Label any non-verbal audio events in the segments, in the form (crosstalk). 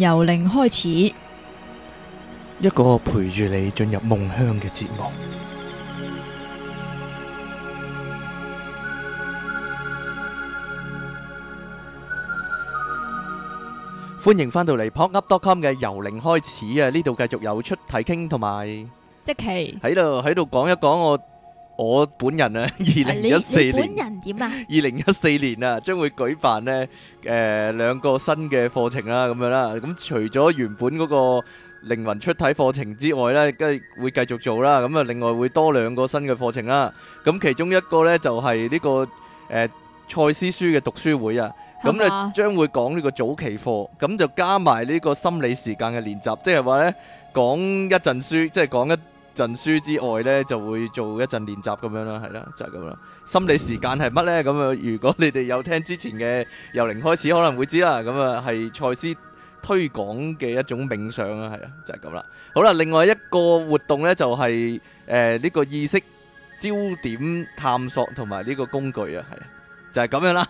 由零開始，一個陪住你進入夢鄉嘅節目。歡迎返到嚟 popup.com 嘅由零開始啊！呢度繼續有出題傾同埋，即期喺度喺度講一講我。我本人啊，二零一四年，本人點啊？二零一四年啊，將會舉辦咧，誒，兩個新嘅課程啦，咁樣啦。咁除咗原本嗰個靈魂出體課程之外咧，梗係會繼續做啦。咁啊，另外會多兩個新嘅課程啦。咁其中一個咧就係呢個誒賽斯書嘅讀書會啊。係啊。咁咧將會講呢個早期課，咁就加埋呢個心理時間嘅練習，即係話咧講一陣書，即係講一。陣書之外呢，就會做一陣練習咁樣啦，係啦、啊，就係、是、咁啦。心理時間係乜呢？咁啊，如果你哋有聽之前嘅由零開始，可能會知啦。咁啊，係賽斯推廣嘅一種冥想啊，係啊，就係、是、咁啦。好啦，另外一個活動呢，就係誒呢個意識焦點探索同埋呢個工具啊，係。就係咁樣啦，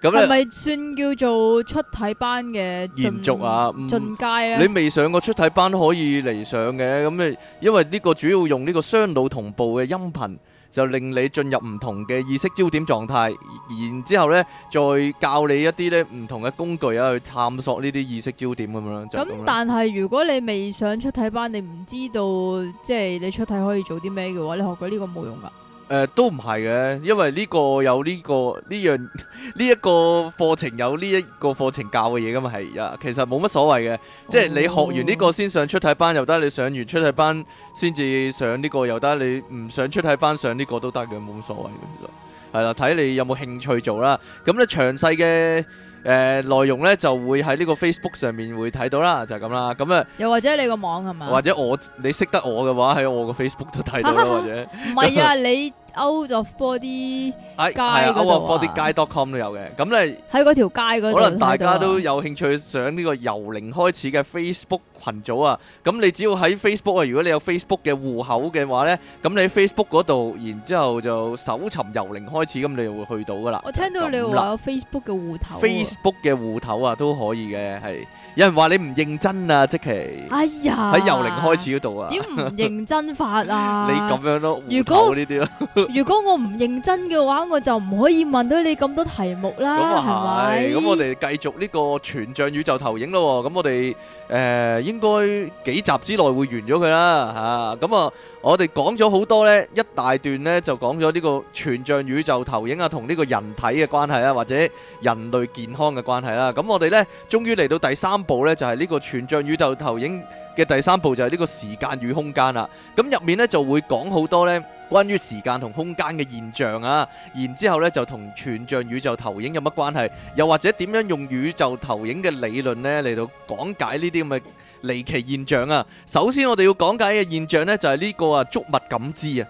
咁咧係咪算叫做出體班嘅延續啊？進階咧，你未上過出體班都可以嚟上嘅，咁啊，因為呢個主要用呢個雙腦同步嘅音頻，就令你進入唔同嘅意識焦點狀態，然之後咧再教你一啲咧唔同嘅工具啊去探索呢啲意識焦點咁樣。咁但係如果你未上出體班，你唔知道即係你出體可以做啲咩嘅話，你學過呢個冇用噶。誒、呃，都唔係嘅，因為呢個有呢、這個呢樣呢一 (laughs) 個課程有呢一個課程教嘅嘢噶嘛係啊，其實冇乜所謂嘅，哦、即係你學完呢個先上出體班又得，你上完出體班先至上呢、這個又得，你唔上出體班上呢個都得嘅，冇所謂嘅其實係啦，睇你有冇興趣做啦。咁咧詳細嘅誒內容呢，就會喺呢個 Facebook 上面會睇到啦，就係咁啦。咁啊，又或者你個網係嘛？或者我你識得我嘅話喺我個 Facebook 都睇到啦，哈哈或者唔係啊， (laughs) 你。 (laughs) 歐咗波啲街嗰度啊，歐波啲街 .com 都有嘅。咁咧喺嗰條街嗰度，可能大家都有興趣上呢個由零開始嘅 Facebook 群組啊。咁你只要喺 Facebook 啊，如果你有 Facebook 嘅戶口嘅話咧，咁你喺 Facebook 嗰度，然之後就搜尋由零開始，咁你就會去到噶啦。我聽到你話有 Facebook 嘅戶頭，Facebook 嘅戶頭啊都可以嘅，係。有人話你唔認真啊，即其哎呀，喺幽靈開始嗰度啊，點唔認真法啊？你咁樣咯，如果呢啲咯，如果我唔認真嘅話，我就唔可以問到你咁多題目啦，係咪？咁我哋繼續呢個全像宇宙投影咯，咁我哋誒應該幾集之內會完咗佢啦，吓咁啊！我哋講咗好多咧，一大段咧就講咗呢個全像宇宙投影啊，同呢個人體嘅關係啊，或者人類健康嘅關係啦。咁我哋咧終於嚟到第三。部咧就係呢個全像宇宙投影嘅第三步，就係呢個時間與空間啦，咁入面咧就會講好多咧關於時間同空間嘅現象啊，然之後咧就同全像宇宙投影有乜關係，又或者點樣用宇宙投影嘅理論咧嚟到講解呢啲咁嘅離奇現象啊？首先我哋要講解嘅現象咧就係呢個啊觸物感知啊，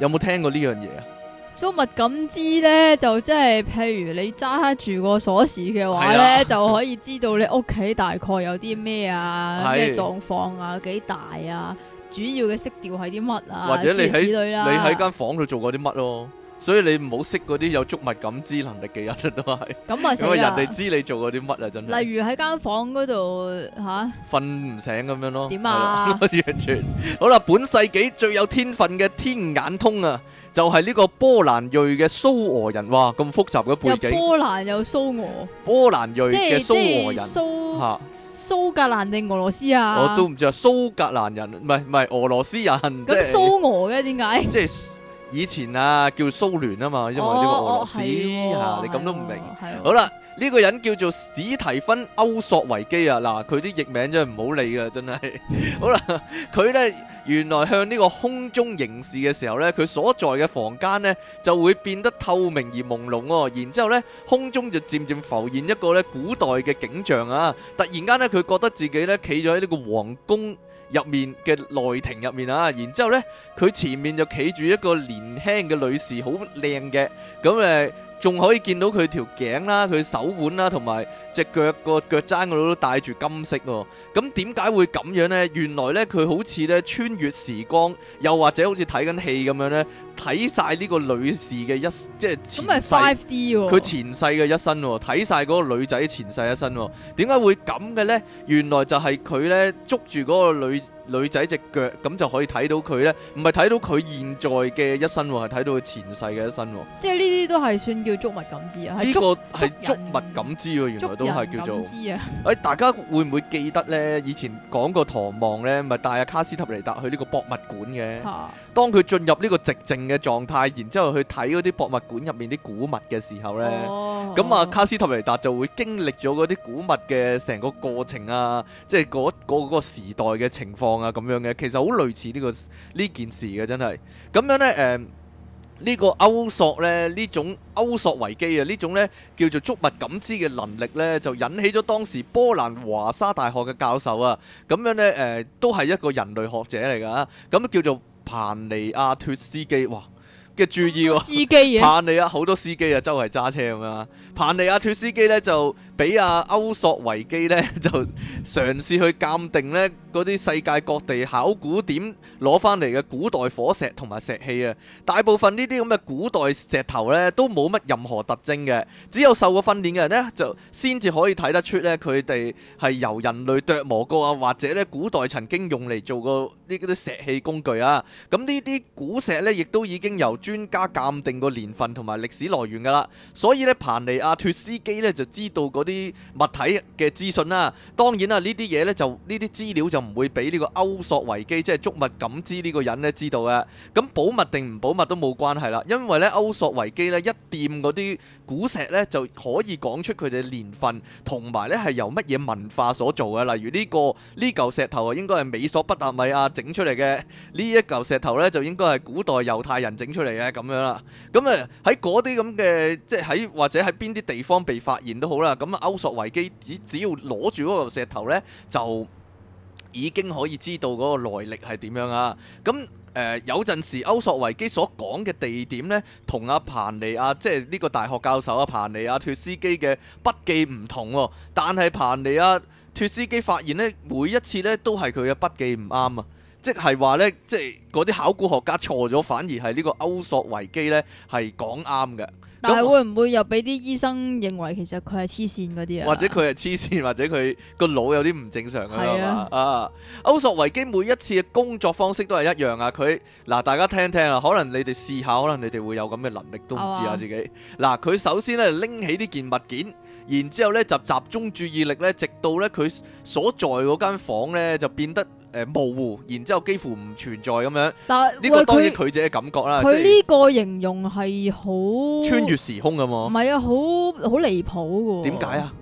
有冇聽過呢樣嘢啊？生、so, 物感知咧，就即係譬如你揸住個鎖匙嘅話咧，是啊、就可以知道你屋企大概有啲咩啊，咩狀況啊，幾大啊，主要嘅色調係啲乜啊，或者諸如此類啦、啊。你喺間房度做過啲乜咯？所以你唔好識嗰啲有觸物感知能力嘅人都係，咁啊，所以人哋知你做過啲乜啊，真係。例如喺間房嗰度吓，瞓唔醒咁樣咯。點啊？完全好啦，本世紀最有天分嘅天眼通啊，就係呢個波蘭裔嘅蘇俄人哇！咁複雜嘅背景。有波蘭有蘇俄。波蘭裔嘅蘇俄人。即係即係蘇嚇。蘇格蘭定俄羅斯啊？我都唔知啊，蘇格蘭人唔係唔係俄羅斯人。咁蘇俄嘅點解？即係。以前啊叫蘇聯啊嘛，因為呢個俄羅斯嚇，你咁都唔明。好啦，呢個人叫做史提芬歐索維基啊，嗱佢啲譯名真係唔好理啊，真係。好啦，佢咧原來向呢個空中凝視嘅時候咧，佢所在嘅房間咧就會變得透明而朦朧喎，然之後咧空中就漸漸浮現一個咧古代嘅景象啊！突然間咧，佢覺得自己咧企咗喺呢個皇宮入面嘅內庭入面啊，然之後咧，佢前面就企住一個年輕嘅女士，好靚嘅，咁、嗯、誒。仲可以見到佢條頸啦、佢手腕啦，同埋隻腳個腳踭度都帶住金色喎、哦。咁點解會咁樣咧？原來咧，佢好似咧穿越時光，又或者好似睇緊戲咁樣咧，睇晒呢個女士嘅一即係，咁係 five D 喎。佢前世嘅、哦、一生，睇晒個女仔前世一生，點解會咁嘅咧？原來就係佢咧捉住個女女仔隻腳，咁就可以睇到佢咧，唔係睇到佢現在嘅一生，係睇到佢前世嘅一生。即係呢啲都係算叫捉物感知啊！呢個係捉物感知喎，原來都係叫做。知哎，大家會唔會記得呢？以前講過《唐望》呢，咪帶阿卡斯塔尼達去呢個博物館嘅。吓、啊。當佢進入呢個寂靜嘅狀態，然之後去睇嗰啲博物館入面啲古物嘅時候呢，咁啊，啊啊卡斯塔尼達就會經歷咗嗰啲古物嘅成個過程啊，即係嗰嗰個時代嘅情況啊，咁樣嘅，其實好類似呢、這個呢件、這個這個、事嘅，真係。咁樣，樣呢。誒、呃。呢個歐索咧，呢種歐索維基啊，呢種咧叫做觸物感知嘅能力咧，就引起咗當時波蘭華沙大學嘅教授啊，咁樣咧誒、呃，都係一個人類學者嚟噶，咁叫做彭尼亞脫斯基，哇！嘅注意喎，司機嘅。彭尼啊，好多司機啊，周圍揸車咁樣。彭尼阿脱司機咧，就俾阿歐索維基咧，就嘗試去鑑定咧啲世界各地考古點攞翻嚟嘅古代火石同埋石器啊。大部分呢啲咁嘅古代石頭咧，都冇乜任何特徵嘅，只有受過訓練嘅人咧，就先至可以睇得出咧，佢哋係由人類琢磨過啊，或者咧古代曾經用嚟做過呢啲石器工具啊。咁呢啲古石咧，亦都已經由專家鑑定個年份同埋歷史來源噶啦，所以咧，彭尼亞脫斯基咧就知道嗰啲物體嘅資訊啦。當然啦，呢啲嘢咧就呢啲資料就唔會俾呢個歐索維基即係、就是、觸物感知呢個人咧知道嘅。咁保密定唔保密都冇關係啦，因為咧歐索維基咧一掂嗰啲古石咧就可以講出佢哋年份同埋咧係由乜嘢文化所做嘅。例如呢、這個呢嚿石頭啊，應該係美索不達米亞整出嚟嘅；呢一嚿石頭咧就應該係古代猶太人整出嚟。係啊，咁樣啦，咁啊喺嗰啲咁嘅，即係喺或者喺邊啲地方被發現都好啦，咁啊歐索維基只只要攞住嗰個石頭呢，就已經可以知道嗰個來歷係點樣啊。咁、嗯、誒、呃，有陣時歐索維基所講嘅地點呢，同阿、啊、彭尼啊，即係呢個大學教授阿、啊、彭尼啊脫斯基嘅筆記唔同、哦，但係彭尼啊脫斯基發現呢，每一次呢都係佢嘅筆記唔啱啊。即係話呢，即係嗰啲考古學家錯咗，反而係呢個歐索維基呢係講啱嘅。但係會唔會又俾啲醫生認為其實佢係黐線嗰啲啊？或者佢係黐線，或者佢個腦有啲唔正常噶啊，歐索維基每一次嘅工作方式都係一樣啊！佢嗱，大家聽聽啊，可能你哋試下，可能你哋會有咁嘅能力都唔知啊自己。嗱、啊，佢、啊、首先咧拎起呢件物件，然之後咧就集中注意力呢，直到呢佢所在嗰間房呢，就變得。誒、呃，模糊，然之後幾乎唔存在咁樣。但呢這個當然佢自己嘅感覺啦。佢呢他、就是、個形容係好穿越時空㗎嘛。唔係啊，好好離譜嘅。點解啊？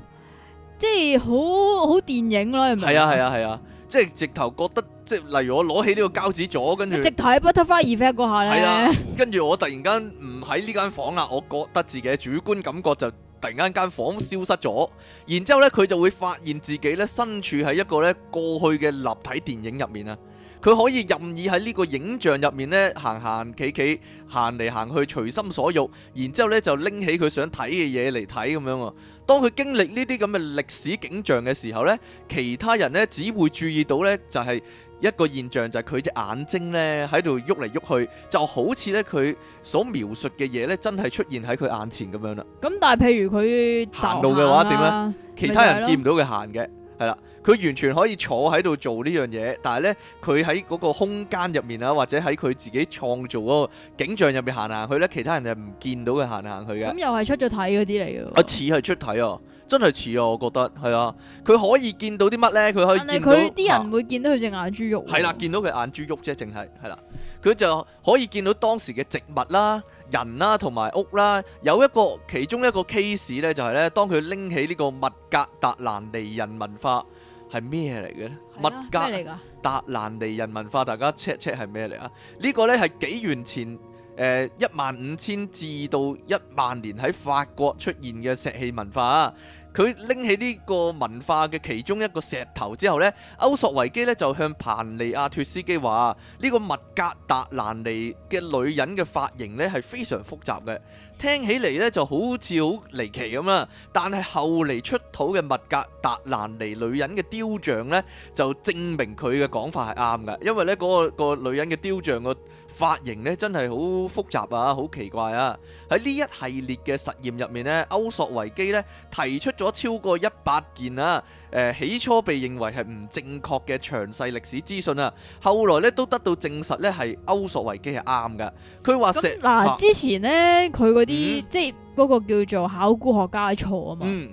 即係好好電影啦，係咪啊？係啊係啊係啊！即係直頭覺得，即係例如我攞起呢個膠紙咗，跟住直頭 Butterfly Effect 嗰下啊，係啊，跟住 (laughs) 我突然間唔喺呢間房啦，我覺得自己嘅主觀感覺就。突然間間房消失咗，然之後咧佢就會發現自己咧身處喺一個咧過去嘅立體電影入面啊！佢可以任意喺呢個影像入面咧行行企企，行嚟行去隨心所欲。然之後咧就拎起佢想睇嘅嘢嚟睇咁樣喎。當佢經歷呢啲咁嘅歷史景象嘅時候咧，其他人咧只會注意到咧就係、是。一個現象就係佢隻眼睛咧喺度喐嚟喐去，就好似咧佢所描述嘅嘢咧，真係出現喺佢眼前咁樣啦。咁但係譬如佢行路嘅話，點樣呢？就就其他人見唔到佢行嘅，係啦，佢完全可以坐喺度做呢樣嘢。但係咧，佢喺嗰個空間入面啊，或者喺佢自己創造嗰個景象入面行行去咧，其他人就唔見到佢行行去嘅。咁又係出咗體嗰啲嚟嘅。啊，似係出體啊！真係似啊，我覺得係啊，佢可以見到啲乜呢？佢可以見到啲、啊、人會見到佢隻眼珠喐。係啦、啊，見到佢眼珠喐啫，淨係係啦。佢、啊、就可以見到當時嘅植物啦、人啦同埋屋啦。有一個其中一個 case 咧，就係、是、咧，當佢拎起呢個物格達蘭尼人文化係咩嚟嘅咧？物、啊、格達蘭尼人文化，大家 check check 係咩嚟啊？這個、呢個咧係幾年前。誒，一萬五千至到一萬年喺法國出現嘅石器文化。佢拎起呢個文化嘅其中一個石頭之後呢，歐索維基呢就向彭尼亞托斯基話：呢、呢個麥格達蘭尼嘅女人嘅髮型呢係非常複雜嘅。聽起嚟咧就好似好離奇咁啦，但係後嚟出土嘅麥格達蘭尼女人嘅雕像咧，就證明佢嘅講法係啱㗎，因為咧嗰個女人嘅雕像個髮型咧真係好複雜啊，好奇怪啊！喺呢一系列嘅實驗入面咧，歐索維基咧提出咗超過一百件啊。誒、呃，起初被認為係唔正確嘅詳細歷史資訊啦，後來咧都得到證實咧係歐索維基係啱嘅。佢話嗱，嗯啊、之前咧佢嗰啲即係嗰個叫做考古學家嘅錯啊嘛。嗯，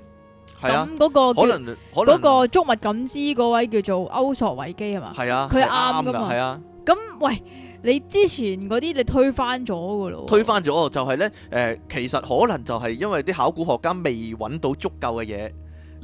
係啊。咁嗰個叫可能，可能，嗰個觸物感知嗰位叫做歐索維基係嘛？係啊，佢係啱噶，係啊。咁喂，你之前嗰啲你推翻咗噶咯？推翻咗，就係咧誒，其實可能就係因為啲考古學家未揾到足夠嘅嘢。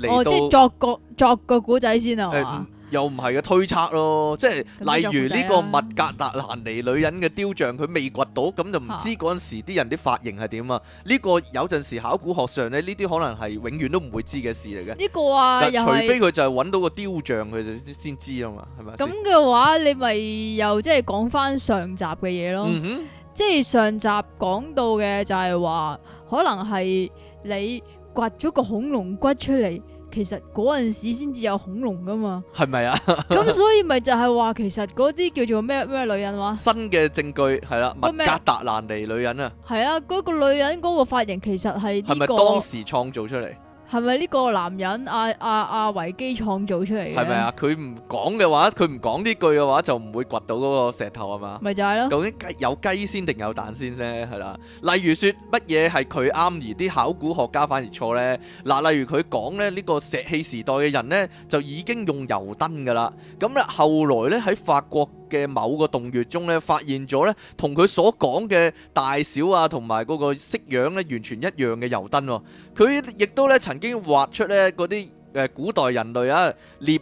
哦，oh, 即係作個作個古仔先啊，呃？又唔係嘅推測咯，即係例如呢個密格達蘭尼女人嘅雕像，佢未掘到，咁就唔知嗰陣時啲人啲髮型係點啊？呢個有陣時考古學上咧，呢啲可能係永遠都唔會知嘅事嚟嘅。呢個啊，除非佢就係搵到個雕像，佢就先知啊嘛，係咪？咁嘅話，你咪又即係講翻上集嘅嘢咯？嗯、哼即係上集講到嘅就係話，可能係你掘咗個恐龍骨出嚟。其實嗰陣時先至有恐龍噶嘛，係咪啊？咁 (laughs) 所以咪就係話，其實嗰啲叫做咩咩女人話？新嘅證據係啦，啊、格達蘭尼女人啊，係啦、啊，嗰、嗰個女人嗰個髮型其實係、這個，係咪當時創造出嚟？係咪呢個男人阿阿阿維基創造出嚟嘅？係咪啊？佢唔講嘅話，佢唔講呢句嘅話，就唔會掘到嗰個石頭吖嘛？咪就係咯。究竟有雞先定有蛋先，先係啦。例如説乜嘢係佢啱，而啲考古學家反而錯咧？嗱，例如佢講咧呢，呢個石器時代嘅人咧就已經用油燈㗎啦。咁咧後來咧喺法國嘅某個洞穴中咧，發現咗咧同佢所講嘅大小啊，同埋嗰個式樣咧，完全一樣嘅油燈。佢亦都咧曾經畫出咧嗰啲誒古代人類啊，獵。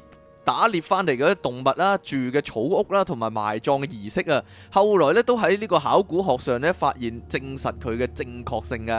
打獵翻嚟嗰啲動物啦，住嘅草屋啦，同埋埋葬嘅儀式啊，後來咧都喺呢個考古學上咧發現證實佢嘅正確性嘅。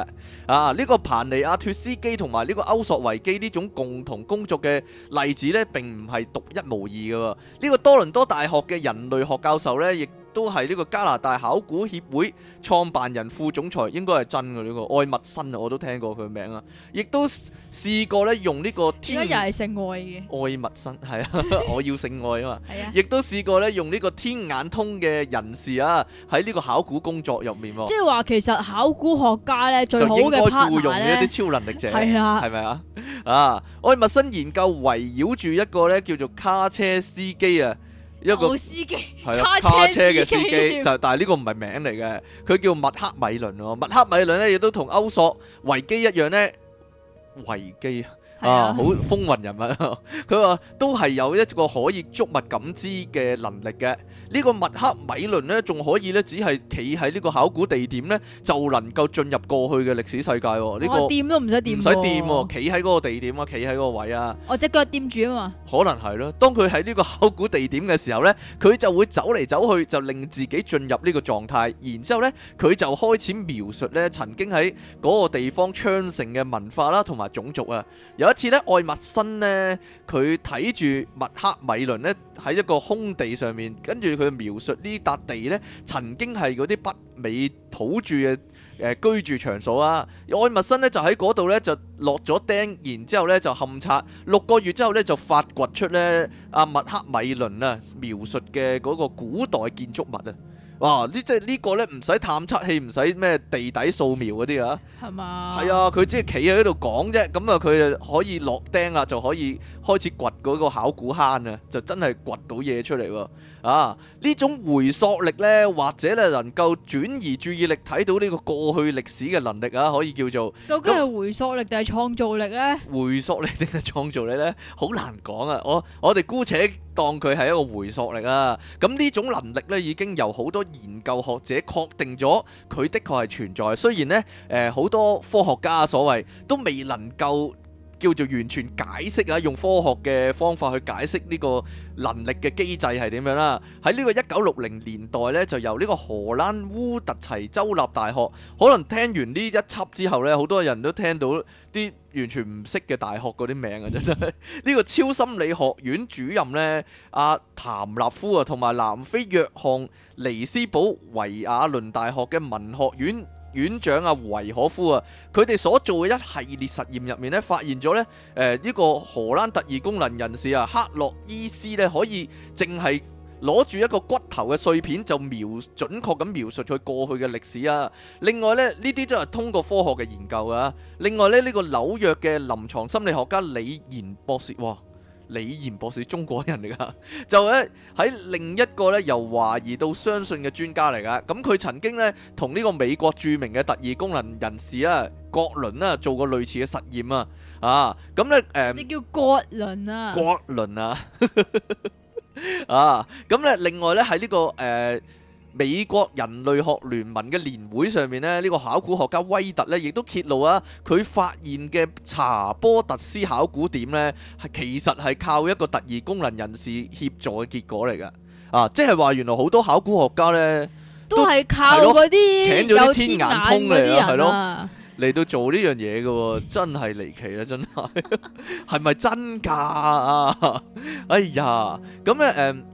啊，呢、這個彭尼亞脫斯基同埋呢個歐索維基呢種共同工作嘅例子咧，並唔係獨一無二嘅。呢、這個多倫多大學嘅人類學教授咧，亦。都係呢個加拿大考古協會創辦人、副總裁，應該係真嘅呢個愛默生啊，我都聽過佢名啊，亦都試過咧用呢個天，而家又係性愛嘅愛默生係啊，我要性愛啊嘛，亦都試過咧用呢個天眼通嘅人士啊，喺呢個考古工作入面喎，即係話其實考古學家咧最好嘅僱用一啲超能力者係啊，係咪啊？啊，愛默生研究圍繞住一個咧叫做卡車司機啊。一個司機，係啦，啊，卡車嘅司機，司機 (laughs) 但係呢個唔係名嚟嘅，佢叫麥克米倫喎。麥克米倫咧亦都同歐索維基一樣呢，維基啊。啊！好風雲人物，佢 (laughs) 話都係有一個可以觸物感知嘅能力嘅。呢個麥克米倫咧，仲可以咧，只係企喺呢個考古地點呢就能夠進入過去嘅歷史世界。呢個掂都唔使掂，唔使掂，企喺嗰個地點啊，企喺嗰個位啊。我隻腳掂住啊嘛。可能係咯，當佢喺呢個考古地點嘅時候呢，佢就會走嚟走去，就令自己進入呢個狀態。然之後呢，佢就開始描述咧曾經喺嗰個地方昌盛嘅文化啦、啊，同埋種族啊，有。一次咧，愛默生咧，佢睇住麥克米倫咧喺一個空地上面，跟住佢描述呢笪地咧曾經係嗰啲北美土著嘅誒、呃、居住場所啊。愛默生咧就喺嗰度咧就落咗釘，然之後咧就勘察六個月之後咧就發掘出咧阿、啊、麥克米倫啊描述嘅嗰個古代建築物啊。哇！呢即係呢個咧，唔使探測器，唔使咩地底掃描嗰啲吧啊，係嘛？係啊，佢只係企喺度講啫。咁啊，佢就可以落釘啊，就可以開始掘嗰個考古坑啊，就真係掘到嘢出嚟喎。啊！呢種回溯力咧，或者咧能夠轉移注意力，睇到呢個過去歷史嘅能力啊，可以叫做究竟係回溯力定係創造力咧？回溯力定係創造力咧？好難講啊！我我哋姑且。當佢係一個回溯力啊！咁呢種能力咧，已經由好多研究學者確定咗，佢的確係存在。雖然呢，誒、呃、好多科學家所謂都未能夠。叫做完全解釋啊！用科學嘅方法去解釋呢個能力嘅機制係點樣啦？喺呢個一九六零年代呢，就由呢個荷蘭烏特齊州立大學。可能聽完呢一輯之後呢，好多人都聽到啲完全唔識嘅大學嗰啲名啊！真係呢 (laughs) 個超心理學院主任呢，阿、啊、譚立夫啊，同埋南非約翰尼斯堡維亞倫大學嘅文學院。院長啊維可夫啊，佢哋所做嘅一系列實驗入面咧，發現咗咧，誒、呃、呢、這個荷蘭特異功能人士啊，克洛伊斯咧可以淨係攞住一個骨頭嘅碎片就描準確咁描述佢過去嘅歷史啊。另外咧，呢啲都係通過科學嘅研究啊。另外咧，呢、這個紐約嘅臨牀心理學家李賢博士。李賢博士，中國人嚟噶，就咧、是、喺另一個咧由懷疑到相信嘅專家嚟噶，咁佢曾經咧同呢個美國著名嘅特異功能人士啦，郭倫啦、啊、做過類似嘅實驗啊，啊，咁咧誒，你叫郭倫啊？郭倫啊， (laughs) 啊，咁、嗯、咧另外咧喺呢、這個誒。呃美國人類學聯盟嘅年會上面咧，呢、呢個考古學家威特呢亦都揭露啊，佢發現嘅查波特斯考古點呢，係其實係靠一個特異功能人士協助嘅結果嚟嘅啊！即係話原來好多考古學家呢，都係靠嗰啲有天眼通嘅人、啊。嚟到做呢樣嘢嘅喎，真係離奇啦！真係，係 (laughs) 咪真㗎啊？ (laughs) 哎呀，咁咧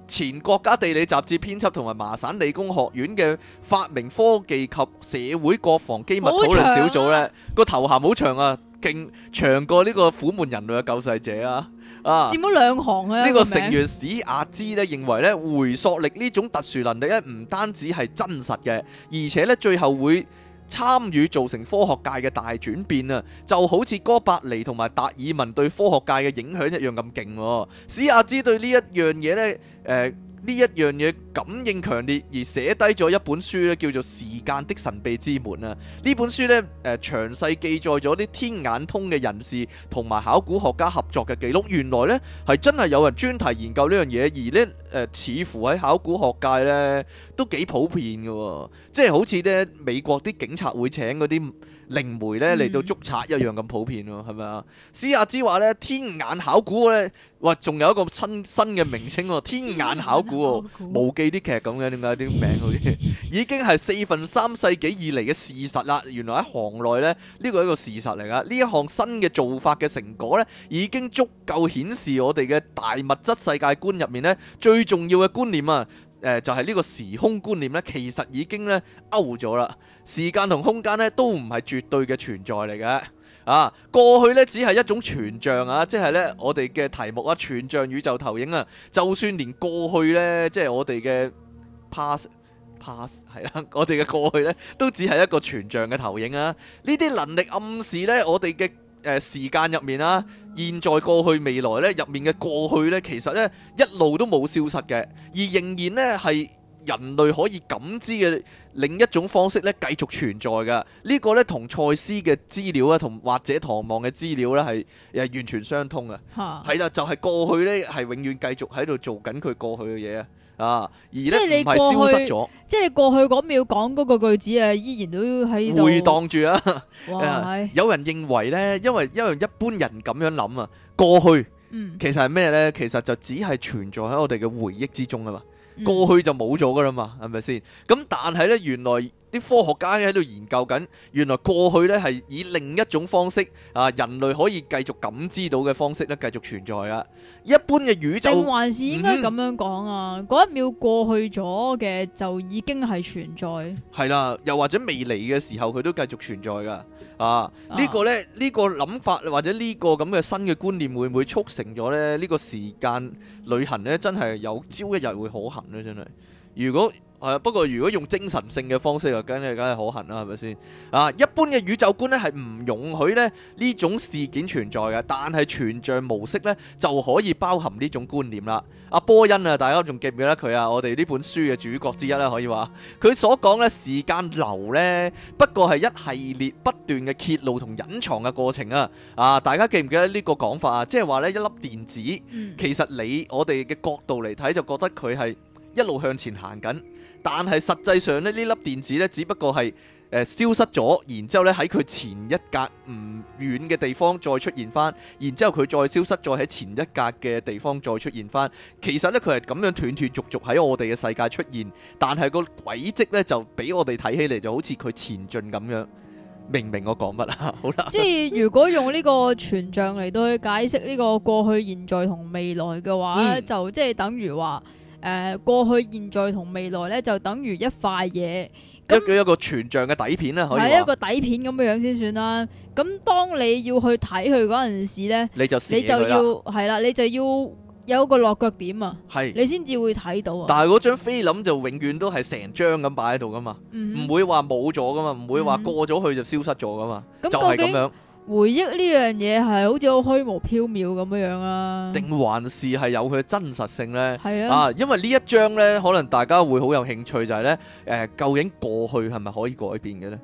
誒，前國家地理雜誌編輯同埋麻省理工學院嘅發明科技及社會國防機密討論小組呢，個頭銜好長啊，勁長、啊、長過呢個苦悶人類嘅救世者啊！啊，佔咗兩行啊！呢個成員史亞芝呢，認為呢回溯力呢種特殊能力呢，唔單止係真實嘅，而且呢最後會參與造成科學界嘅大轉變啊，就好似哥白尼同埋達爾文對科學界嘅影響一樣咁勁。史亞芝對呢一樣嘢呢，誒、呃、呢一樣嘢感應強烈，而寫低咗一本書咧，叫做《時間的神秘之門》啊！呢本書咧，誒、呃、詳細記載咗啲天眼通嘅人士同埋考古學家合作嘅記錄。原來咧，係真係有人專題研究呢樣嘢，而呢誒、呃，似乎喺考古學界咧都幾普遍㗎、哦，即係好似咧美國啲警察會請嗰啲。靈媒咧嚟到捉賊一樣咁普遍咯，係咪啊？施亞之話咧，天眼考古咧，話仲有一個新新嘅名稱喎，天眼考古冇無記啲劇咁嘅，點解啲名好啲已經係四分三世紀以嚟嘅事實啦。原來喺行內咧，呢個係一個事實嚟噶。呢一項新嘅做法嘅成果咧，已經足夠顯示我哋嘅大物質世界觀入面咧，最重要嘅觀念啊！誒、呃，就係、是、呢個時空觀念呢，其實已經呢 out 咗啦。時間同空間呢，都唔係絕對嘅存在嚟嘅。啊，過去呢，只係一種全像啊，即係呢我哋嘅題目啊，全像宇宙投影啊，就算連過去呢，即係我哋嘅 past past 係啦、啊，我哋嘅過去呢，都只係一個全像嘅投影啊。呢啲能力暗示呢，我哋嘅。誒，時間入面啦，現在、過去、未來呢，入面嘅過去呢，其實呢一路都冇消失嘅，而仍然呢，係人類可以感知嘅另一種方式呢，繼續存在嘅。呢個呢，同賽斯嘅資料啊，同或者唐望嘅資料呢，係係完全相通嘅。係啦 Huh.，就係、是、過去呢，係永遠繼續喺度做緊佢過去嘅嘢啊。啊！而咧係消失咗，即係過去嗰秒講嗰個句子啊，依然都喺度回盪住啊。哇！有人認為咧，因為因為一般人咁樣諗啊，過去其實係咩咧？嗯、其實就只係存在喺我哋嘅回憶之中啊嘛。過去就冇咗噶啦嘛，係咪先？咁但係咧，原來。啲科學家喺度研究緊，原來過去呢係以另一種方式啊，人類可以繼續感知到嘅方式咧，繼續存在啊。一般嘅宇宙，定還是應該咁樣講啊？嗰、嗯、一秒過去咗嘅，就已經係存在。係啦，又或者未嚟嘅時候，佢都繼續存在噶。啊，呢個呢、呢個咧，呢個諗法或者呢個咁嘅新嘅觀念，會唔會促成咗呢？呢、呢個時間旅行呢，真係有朝一日會可行呢？真係。如果係、啊、不過如果用精神性嘅方式，又梗係梗係可行啦，係咪先啊？一般嘅宇宙觀咧係唔容許咧呢種事件存在嘅，但係全像模式咧就可以包含呢種觀念啦。阿、啊、波恩啊，大家仲記唔記得佢啊？我哋呢本書嘅主角之一啦，可以話佢所講咧時間流咧，不過係一系列不斷嘅揭露同隱藏嘅過程啊。啊，大家記唔記得呢個講法啊？即係話咧一粒電子，嗯、其實你、我哋嘅角度嚟睇，就覺得佢係一路向前行緊。但係實際上咧，呢粒電子咧，只不過係誒、呃、消失咗，然之後咧喺佢前一格唔遠嘅地方再出現翻，然之後佢再消失，再喺前一格嘅地方再出現翻。其實咧，佢係咁樣斷斷續續喺我哋嘅世界出現，但係個軌跡咧就俾我哋睇起嚟就好似佢前進咁樣。明唔明我講乜啊？好啦，即係如果用呢個全像嚟到去解釋呢個過去、現在同未來嘅話，嗯、就即係等於話。誒、呃、過去、現在同未來咧，就等於一塊嘢，一個一個全像嘅底片啦、啊，可以，係一個底片咁嘅樣先算啦。咁當你要去睇佢嗰陣時咧，你就你就要係啦，你就要有個落腳點啊，是你先至會睇到啊。但係嗰張菲林就永遠都係成張咁擺喺度噶嘛，唔、嗯、哼會話冇咗噶嘛，唔會話過咗去就消失咗噶嘛，嗯、哼就係咁樣。嗯回憶呢樣嘢係好似好虛無縹緲咁樣樣啊，定還是係有佢嘅真實性呢？係是的 啊，因為呢一章呢，可能大家會好有興趣就係、是、呢，誒、呃，究竟過去係咪可以改變嘅呢？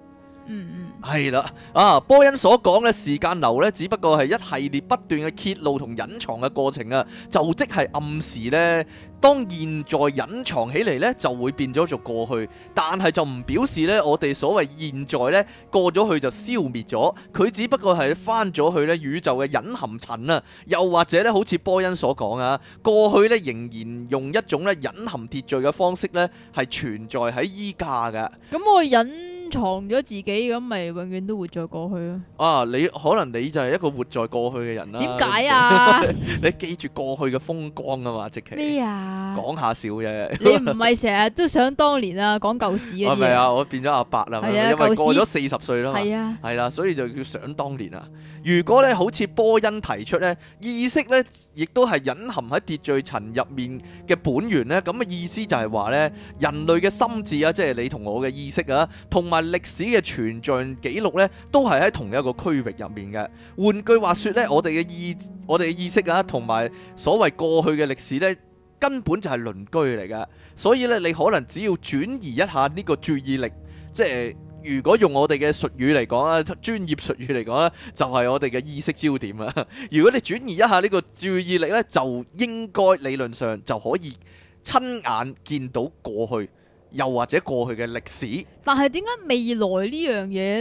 嗯嗯，係啦，啊，波恩所講嘅時間流呢，只不過係一系列不斷嘅揭露同隱藏嘅過程啊，就即係暗示呢。當現在隱藏起嚟咧，就會變咗做過去。但係就唔表示咧，我哋所謂現在咧過咗去就消滅咗。佢只不過係翻咗去咧宇宙嘅隱含層啊。又或者咧，好似波恩所講啊，過去咧仍然用一種咧隱含秩序嘅方式咧係存在喺依家嘅。咁我隱藏咗自己，咁咪永遠都活在過去咯。啊，你可能你就係一個活在過去嘅人啦。點解啊？你記住過去嘅風光啊嘛，直情咩啊？講下笑啫， (laughs) 你唔係成日都想當年啊，講舊事啊，係咪啊？我變咗阿伯啦，啊、因為過咗四十歲啦，係啊，係啦、啊，所以就叫想當年啊。如果咧好似波恩提出咧，意識咧亦都係隱含喺秩序層入面嘅本源咧，咁嘅意思就係話咧，人類嘅心智啊，即係你同我嘅意識啊，同埋歷史嘅全像記錄咧，都係喺同一個區域入面嘅。換句話說咧，我哋嘅意，我哋嘅意識啊，同埋所謂過去嘅歷史咧。根本就係鄰居嚟㗎，所以咧，你可能只要轉移一下呢個注意力，即係如果用我哋嘅術語嚟講啊，專業術語嚟講咧，就係我哋嘅意識焦點啊。如果你轉移一下呢個注意力咧，就應該理論上就可以親眼見到過去，又或者過去嘅歷史。但係點解未來呢樣嘢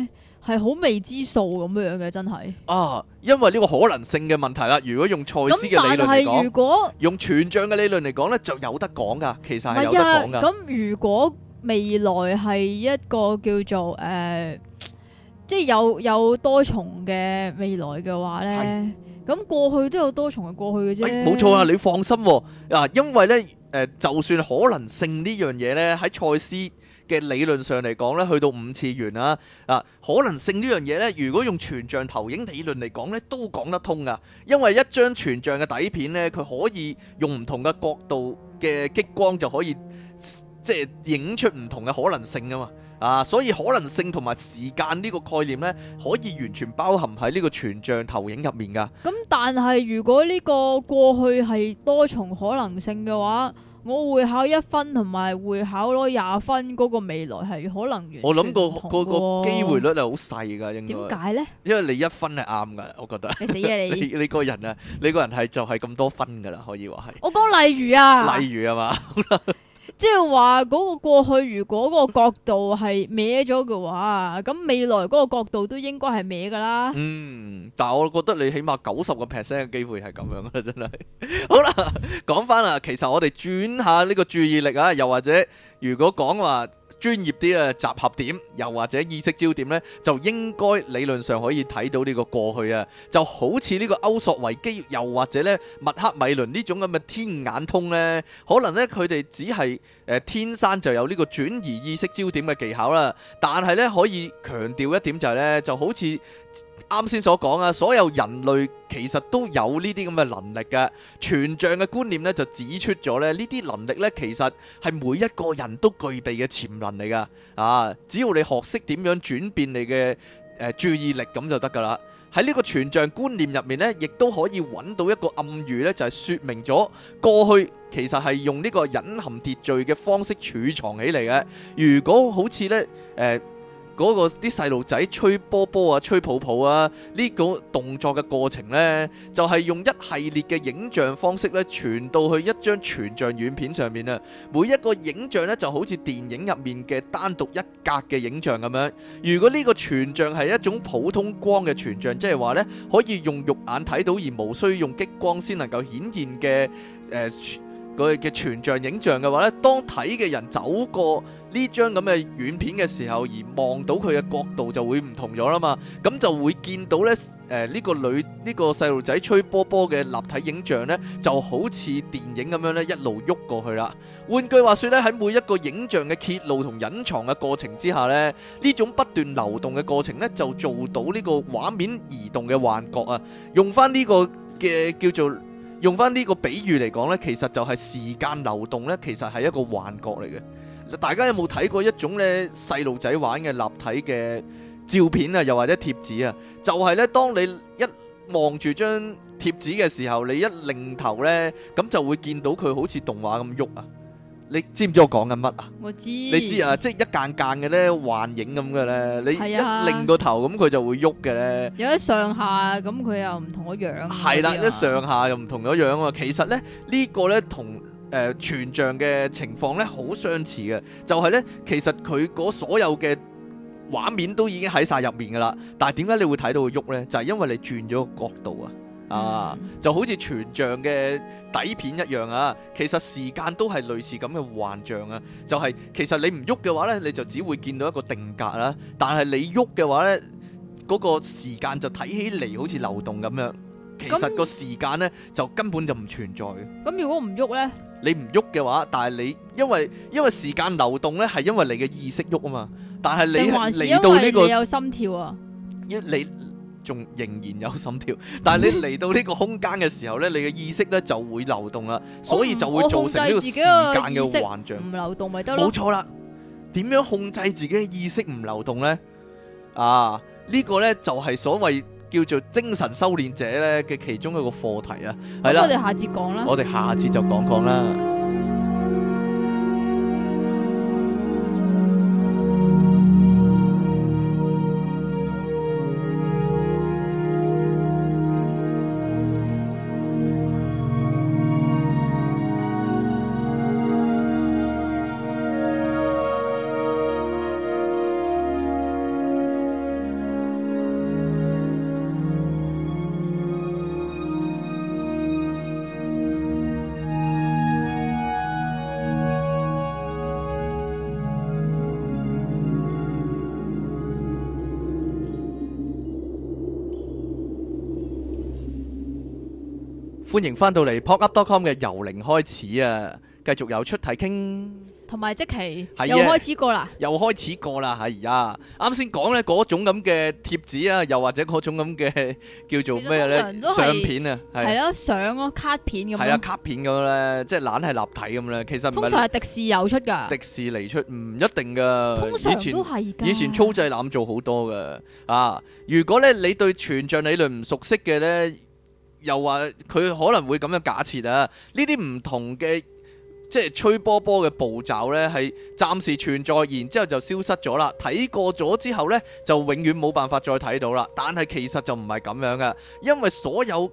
呢？係好未知數咁樣嘅，真係。啊，因為呢個可能性嘅問題啦。如果用賽斯嘅理論嚟講，係如果用全像嘅理論嚟講咧，就有得講噶。其實係有得講噶。咁如果未來係一個叫做誒，即係有有多重嘅未來嘅話咧，咁過去都有多重嘅過去嘅啫。冇錯啊，你放心啊，因為咧誒，就算可能性呢樣嘢咧喺賽斯。嘅理論上嚟講呢，去到五次元啦，啊，啊可能性呢樣嘢呢，如果用全像投影理論嚟講呢都講得通噶，因為一張全像嘅底片呢，佢可以用唔同嘅角度嘅激光就可以即係影出唔同嘅可能性噶啊嘛，啊，所以可能性同埋時間呢個概念呢，可以完全包含喺呢個全像投影入面噶。咁但係如果呢個過去係多重可能性嘅話，我會考一分同埋會考攞廿分嗰個未來係可能完。我諗個個個機會率係好細噶，應該。點解咧？因為你一分係啱噶，我覺得。你死嘢，你 (laughs) 你個人啊，你個人係就係咁多分噶啦，可以話係。我講例如啊。例如啊嘛。 (laughs) 即係話嗰個過去，如果嗰個角度係歪咗嘅話，咁未來嗰個角度都應該係歪噶啦。嗯，但係我覺得你起碼九十個 percent 嘅機會係咁樣啦，真係。 (laughs) 好啦，講翻啦，其實我哋轉下呢個注意力啊，又或者如果講話。專業啲啊，集合點又或者意識焦點呢，就應該理論上可以睇到呢個過去啊，就好似呢個歐索維基又或者呢麥克米倫呢種咁嘅天眼通呢，可能呢佢哋只係誒天生就有呢個轉移意識焦點嘅技巧啦，但係呢，可以強調一點就係呢，就好似。啱先所講啊，所有人類其實都有呢啲咁嘅能力嘅。全像嘅觀念咧就指出咗咧，呢啲能力咧其實係每一個人都具備嘅潛能嚟噶。啊，只要你學識點樣轉變你嘅誒、呃、注意力咁就得噶啦。喺呢個全像觀念入面咧，亦都可以揾到一個暗喻咧，就係說明咗過去其實係用呢個隱含秩序嘅方式儲藏起嚟嘅。如果好似咧誒。呃嗰個啲細路仔吹波波啊，吹泡泡啊，呢、這個動作嘅過程呢，就係、是、用一系列嘅影像方式咧，傳到去一張全像軟片上面啊。每一個影像咧，就好似電影入面嘅單獨一格嘅影像咁樣。如果呢個全像係一種普通光嘅全像，即係話呢，可以用肉眼睇到而無需用激光先能夠顯現嘅誒。呃佢嘅全像影像嘅話咧，當睇嘅人走過呢張咁嘅軟片嘅時候，而望到佢嘅角度就會唔同咗啦嘛，咁就會見到咧，誒呢個女呢、呢個細路仔吹波波嘅立體影像咧，就好似電影咁樣咧一路喐過去啦。換句話說咧，喺每一個影像嘅揭露同隱藏嘅過程之下咧，呢種不斷流動嘅過程咧，就做到呢個畫面移動嘅幻覺啊！用翻、呢、呢個嘅、呃、叫做。用翻呢個比喻嚟講呢，其實就係時間流動呢，其實係一個幻覺嚟嘅。大家有冇睇過一種呢細路仔玩嘅立體嘅照片啊，又或者貼紙啊？就係呢，當你一望住張貼紙嘅時候，你一擰頭呢，咁就會見到佢好似動畫咁喐啊！你知唔知我講緊乜啊？我知，你知啊，即係一間間嘅咧，幻影咁嘅咧，你一擰個頭咁，佢就會喐嘅咧。有啲上下咁，佢又唔同個樣了。係啦些，有啲上下又唔同個樣啊。其實咧，這個、呢個咧同誒全像嘅情況咧好相似嘅，就係、是、咧，其實佢嗰所有嘅畫面都已經喺晒入面噶啦。但係點解你會睇到佢喐咧？就係、是、因為你轉咗個角度啊。啊，就好似全像嘅底片一樣啊，其實時間都係類似咁嘅幻象啊，就係、是、其實你唔喐嘅話咧，你就只會見到一個定格啦，但係你喐嘅話咧，嗰、那個時間就睇起嚟好似流動咁樣，其實個時間咧就根本就唔存在嘅。咁如果唔喐咧？你唔喐嘅話，但係你因為因為時間流動咧，係因為你嘅意識喐啊嘛，但係你還到呢、這、為、個、你有心跳啊，因你。仲仍然有心跳，但係你嚟到呢個空間嘅時候呢，你嘅意識呢就會流動啦， (laughs) 所以就會造成呢個時間嘅幻象。唔流動咪得咯？冇錯啦，點樣控制自己嘅意識唔流動呢？啊，呢個呢就係所謂叫做精神修煉者呢嘅其中一個課題啊。不如我哋下次講啦。我哋下次就講講啦。歡迎翻到嚟 PodUp.com 嘅由零開始啊，繼續有出題傾，同埋即期又開始過啦，又開始過啦嚇！而家啱先講咧嗰種咁嘅貼紙啊，又或者嗰種咁嘅叫做咩咧相片啊，係咯相咯，卡片咁，係啊卡片咁咧，即係懶係立體咁咧。其實通常係迪士尼出㗎，迪士尼出唔一定噶，通常都係而家。以前粗製濫造好多嘅啊！如果咧你對全像理論唔熟悉嘅咧。又話佢可能會咁樣假設啊，呢啲唔同嘅即係吹波波嘅步驟呢，係暫時存在，然之後就消失咗啦。睇過咗之後呢，就永遠冇辦法再睇到啦。但係其實就唔係咁樣嘅，因為所有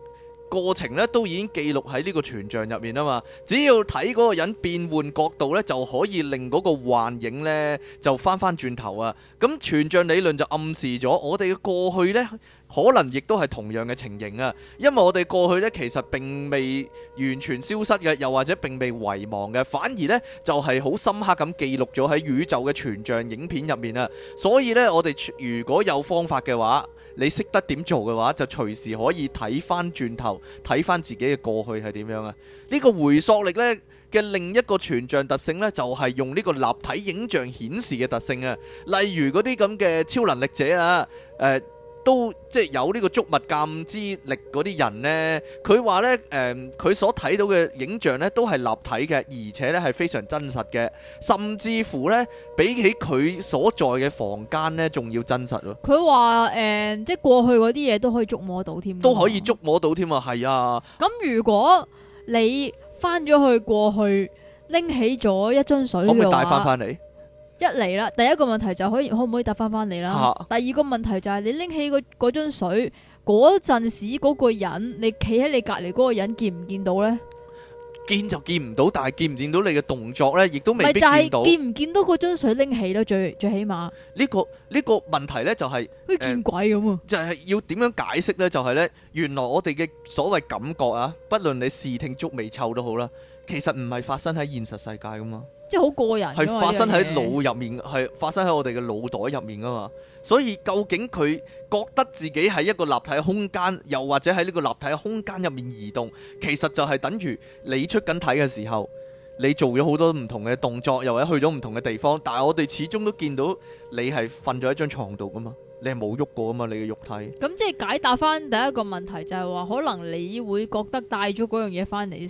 過程咧都已經記錄喺呢個全像入面啊嘛，只要睇嗰個人變換角度咧，就可以令嗰個幻影咧就翻翻轉頭啊！咁全像理論就暗示咗，我哋嘅過去咧可能亦都係同樣嘅情形啊！因為我哋過去咧其實並未完全消失嘅，又或者並未遺忘嘅，反而咧就係好深刻咁記錄咗喺宇宙嘅全像影片入面啊！所以咧，我哋如果有方法嘅話，你識得點做嘅話，就隨時可以睇翻轉頭，睇翻自己嘅過去係點樣啊！呢、呢個回溯力咧嘅另一個全像特性咧，就係用呢個立體影像顯示嘅特性啊。例如嗰啲咁嘅超能力者啊，誒、呃。都即係有呢個觸物感知力嗰啲人咧，佢話咧誒，佢所睇到嘅影像咧都係立體嘅，而且咧係非常真實嘅，甚至乎咧比起佢所在嘅房間咧仲要真實咯。佢話誒，即係過去嗰啲嘢都可以觸摸到添。都可以觸摸到添啊，係啊。咁如果你翻咗去過去拎起咗一樽水，可唔可以帶翻翻嚟？一嚟啦，第一個問題就係可以可唔可以搭翻翻嚟啦？第二個問題就係你拎起個嗰樽水嗰陣時，嗰個人你企喺你隔離嗰個人見唔見到呢？見就見唔到，但係見唔見到你嘅動作呢，亦都未必見到。見唔見到嗰樽水拎起呢？最最起碼呢個呢個問題呢，就係好似見鬼咁啊！就係要點樣解釋呢？就係呢，原來我哋嘅所謂感覺啊，不論你視聽觸味嗅都好啦，其實唔係發生喺現實世界噶嘛。即係好過人，啊，係發生喺腦入面，係 (noise) 發生喺我哋嘅腦袋入面噶嘛。所以究竟佢覺得自己喺一個立體空間，又或者喺呢個立體空間入面移動，其實就係等於你出緊體嘅時候，你做咗好多唔同嘅動作，又或者去咗唔同嘅地方。但係我哋始終都見到你係瞓咗喺張床度噶嘛。你係冇喐過啊嘛，你嘅肉體。咁即係解答翻第一個問題就，就係話可能你會覺得帶咗嗰樣嘢翻嚟，其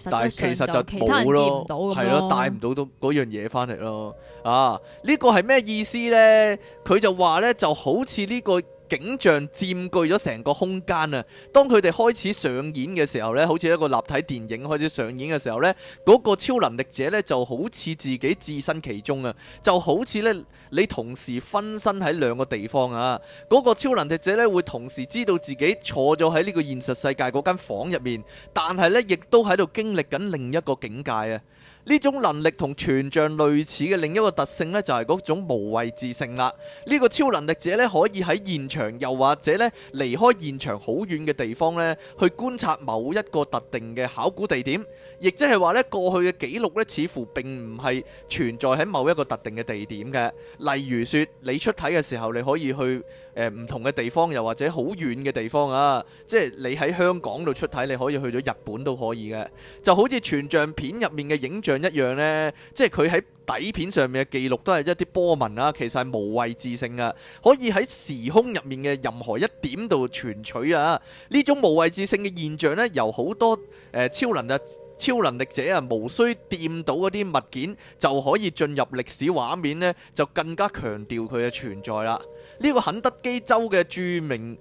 實就冇咯。係咯，帶唔到到嗰樣嘢翻嚟咯。啊，呢個係咩意思咧？佢就話咧，就好似呢個。景象佔據咗成個空間啊！當佢哋開始上演嘅時候呢，好似一個立體電影開始上演嘅時候呢，嗰個超能力者呢就好似自己置身其中啊！就好似呢你同時分身喺兩個地方啊！嗰個超能力者呢會同時知道自己坐咗喺呢個現實世界嗰間房入面，但係呢亦都喺度經歷緊另一個境界啊！呢種能力同全像類似嘅另一個特性咧，就係種無無畏自性啦。呢、這個超能力者咧，可以喺現場又或者咧離開現場好遠嘅地方咧，去觀察某一個特定嘅考古地點，亦即係話咧過去嘅記錄咧，似乎並唔係存在喺某一個特定嘅地點嘅。例如說你出體嘅時候，你可以去誒唔、呃、同嘅地，地方，又或者好遠嘅地方啊，即係你喺香港度出體，你可以去到日本都可以嘅。就好似全像片入面嘅影像。一樣一樣咧，即係佢喺底片上面嘅記錄都係一啲波紋啦，其實係無位置性嘅，可以喺時空入面嘅任何一點度存取啊。呢種無位置性嘅現象呢，由好多誒超能啊、超能力者啊，無需掂到嗰啲物件就可以進入歷史畫面呢，就更加強調佢嘅存在啦。呢、這個肯德基州嘅著名。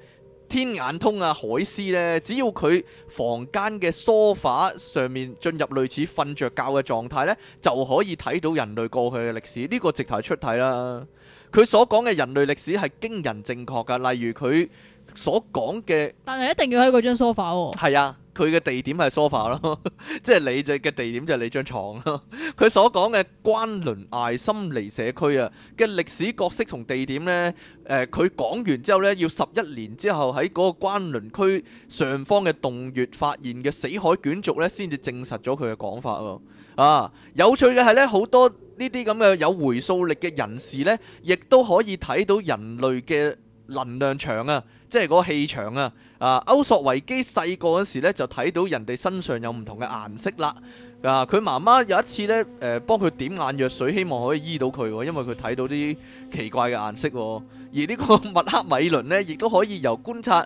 天眼通啊，海斯咧，只要佢房間嘅梳化上面進入類似瞓着覺嘅狀態咧，就可以睇到人類過去嘅歷史。呢、呢個直頭係出睇啦！佢所講嘅人類歷史係驚人正確噶，例如佢所講嘅，但係一定要喺嗰張、哦、梳化喎係啊。佢嘅地點係梳化咯，即係你嘅地點就係你張床咯。佢 (laughs) 所講嘅關聯艾森尼社區啊嘅歷史角色同地點呢，誒、呃、佢講完之後呢，要十一年之後喺嗰個關聯區上方嘅洞穴發現嘅死海卷軸呢，先至證實咗佢嘅講法啊，有趣嘅係呢，好多呢啲咁嘅有回溯力嘅人士呢，亦都可以睇到人類嘅能量場啊，即係嗰個氣場啊。啊，歐索維基細個嗰時咧就睇到人哋身上有唔同嘅顏色啦。啊，佢媽媽有一次咧，誒幫佢點眼藥水，希望可以醫到佢，因為佢睇到啲奇怪嘅顏色。而呢個默克米倫咧，亦都可以由觀察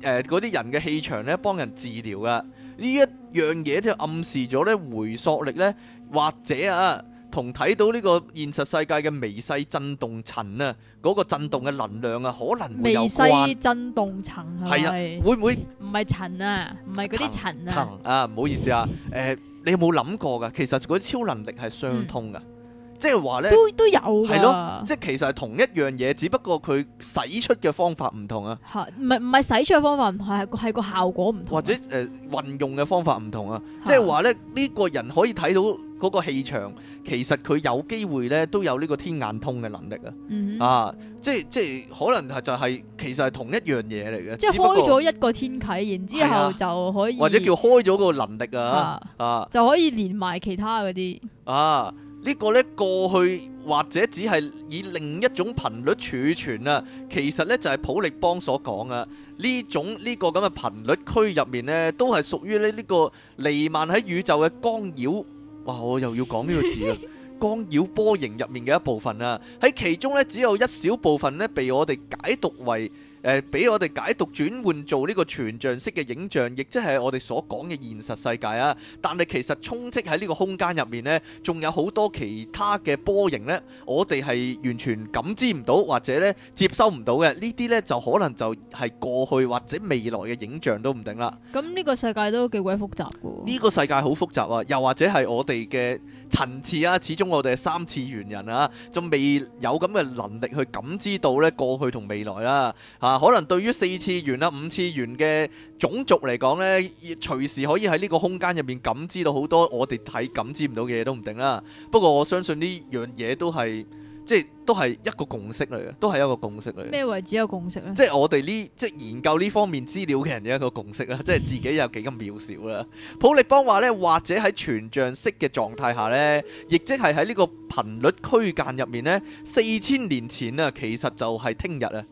誒嗰啲人嘅氣場咧幫人治療噶。呢一樣嘢就暗示咗咧回溯力咧，或者啊。同睇到呢個現實世界嘅微細震動層啊，嗰、那個震動嘅能量啊，可能會有微細震動層係啊，啊，會唔會唔係塵啊，唔係嗰啲塵啊？層啊，唔好意思啊，誒、呃，你有冇諗過㗎？其實嗰啲超能力係相通㗎。嗯即係話咧，都都有係咯。即係其實係同一樣嘢，只不過佢使出嘅方法唔同啊。吓，就是，唔係唔係使出嘅方法唔同，係係個效果唔同。或者誒，運用嘅方法唔同啊。即係話咧，呢個人可以睇到嗰個氣場，其實佢有機會咧都有呢個天眼通嘅能力啊。嗯、哼啊，即係即係可能係就係、是，其實係同一樣嘢嚟嘅。即係開咗一個天啟，然之後、啊、就可以或者叫開咗個能力啊啊，就可以連埋其他嗰啲啊。啊啊呢個呢，過去或者只係以另一種頻率儲存啊，其實呢，就係普力邦所講啊，呢種呢、呢個咁嘅頻率區入面呢，都係屬於呢呢個瀰漫喺宇宙嘅干擾，哇！我又要講呢個字啊，干擾 (laughs) 波形入面嘅一部分啊，喺其中呢，只有一小部分呢，被我哋解讀為，誒俾、呃、我哋解讀轉換做呢個全像式嘅影像，亦即係我哋所講嘅現實世界啊！但係其實充斥喺呢個空間入面，呢仲有好多其他嘅波形，呢我哋係完全感知唔到，或者呢接收唔到嘅，呢啲呢就可能就係過去或者未來嘅影像都唔定啦。咁呢個世界都幾鬼複雜嘅。呢個世界好複雜啊，又或者係我哋嘅。層次啊，始終我哋係三次元人啊，就未有咁嘅能力去感知到咧過去同未來啦。嚇、啊，可能對於四次元啦、五次元嘅種族嚟講咧，隨時可以喺呢個空間入面感知到好多我哋係感知唔到嘅嘢都唔定啦。不過我相信呢樣嘢都係。即係都係一個共識嚟嘅，都係一個共識嚟嘅。咩位置有共識咧？即係我哋呢，即係研究呢方面資料嘅人嘅一個共識啦。即係自己有幾咁渺小啦。普利邦話咧，或者喺全像式嘅狀態下咧，亦即係喺呢個頻率區間入面咧，四千年前啊，其實就係聽日啊！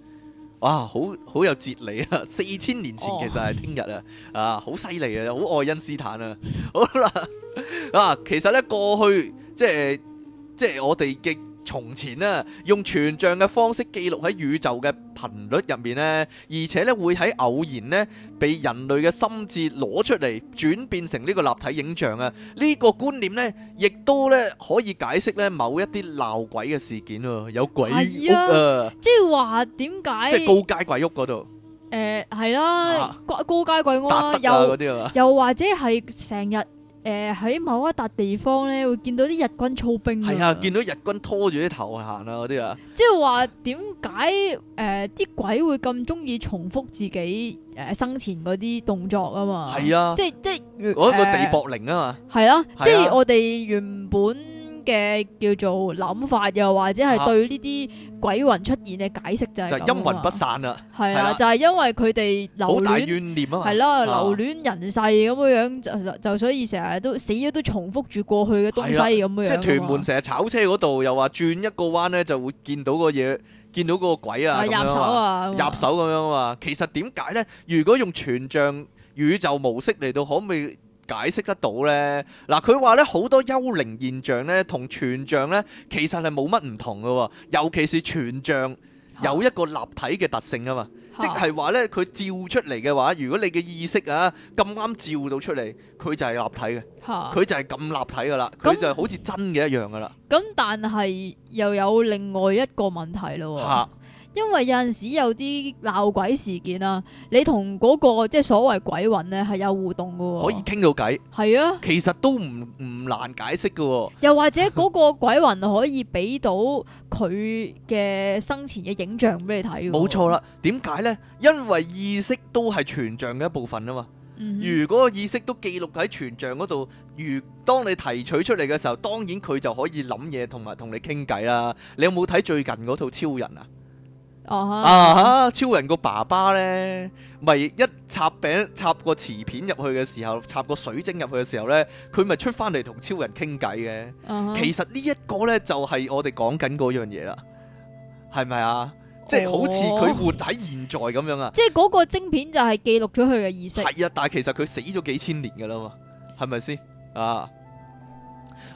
哇，好好有哲理啊！四千年前其實係聽日啊！哦、啊，好犀利啊！好愛因斯坦啊！好啦啊，其實咧過去即係即係我哋嘅。從前啊，用全像嘅方式記錄喺宇宙嘅頻率入面呢，而且咧會喺偶然咧被人類嘅心智攞出嚟，轉變成呢個立體影像啊！呢、這個觀念呢，亦都咧可以解釋咧某一啲鬧鬼嘅事件啊，有鬼屋啊！即係話點解？即係高街鬼屋嗰度？誒、呃，係啦、啊，高街鬼屋、啊。又或者係成日。誒喺、呃、某一笪地方咧，會見到啲日軍操兵啊！係啊，見到日軍拖住啲頭去行啊，嗰啲啊，即係話點解誒啲鬼會咁中意重複自己誒、呃、生前嗰啲動作啊嘛？係啊，即係即係嗰、呃、個地薄靈啊嘛，係啊，啊啊即係我哋原本。嘅叫做諗法，又或者係對呢啲鬼魂出現嘅解釋就係陰魂不散啦。係啊，就係因為佢哋留好大怨念啊嘛。係咯，留戀人世咁嘅樣，就就所以成日都死咗都重複住過去嘅東西咁樣。即係屯門成日炒車嗰度，又話轉一個彎咧就會見到個嘢，見到個鬼啊咁樣。入手啊！入手咁樣啊嘛。其實點解咧？如果用全像宇宙模式嚟到，可唔可以？解釋得到呢，嗱佢話咧好多幽靈現象呢，同全像呢，其實係冇乜唔同嘅，尤其是全像有一個立體嘅特性啊嘛，即係話呢，佢照出嚟嘅話，如果你嘅意識啊咁啱照到出嚟，佢就係立體嘅，佢、啊、就係咁立體噶啦，佢就好似真嘅一樣噶啦。咁、啊嗯嗯、但係又有另外一個問題咯喎。啊因為有陣時有啲鬧鬼事件啊，你同嗰、那個即係所謂鬼魂咧係有互動噶、喔，可以傾到偈。係啊，其實都唔唔難解釋噶、喔。又或者嗰個鬼魂可以俾到佢嘅生前嘅影像俾 (laughs) 你睇、喔。冇錯啦，點解呢？因為意識都係全像嘅一部分啊嘛。嗯、哼如果意識都記錄喺全像嗰度，如當你提取出嚟嘅時候，當然佢就可以諗嘢同埋同你傾偈啦。你有冇睇最近嗰套超人啊？Uh huh. 啊哈！超人個爸爸咧，咪一插餅插個瓷片入去嘅時候，插個水晶入去嘅時候咧，佢咪出翻嚟同超人傾偈嘅。Uh huh. 其實呢一個咧就係、是、我哋講緊嗰樣嘢啦，係咪啊？Oh. 即係好似佢活喺現在咁樣啊！ (laughs) 即係嗰個晶片就係記錄咗佢嘅意識。係啊，但係其實佢死咗幾千年噶啦嘛，係咪先啊？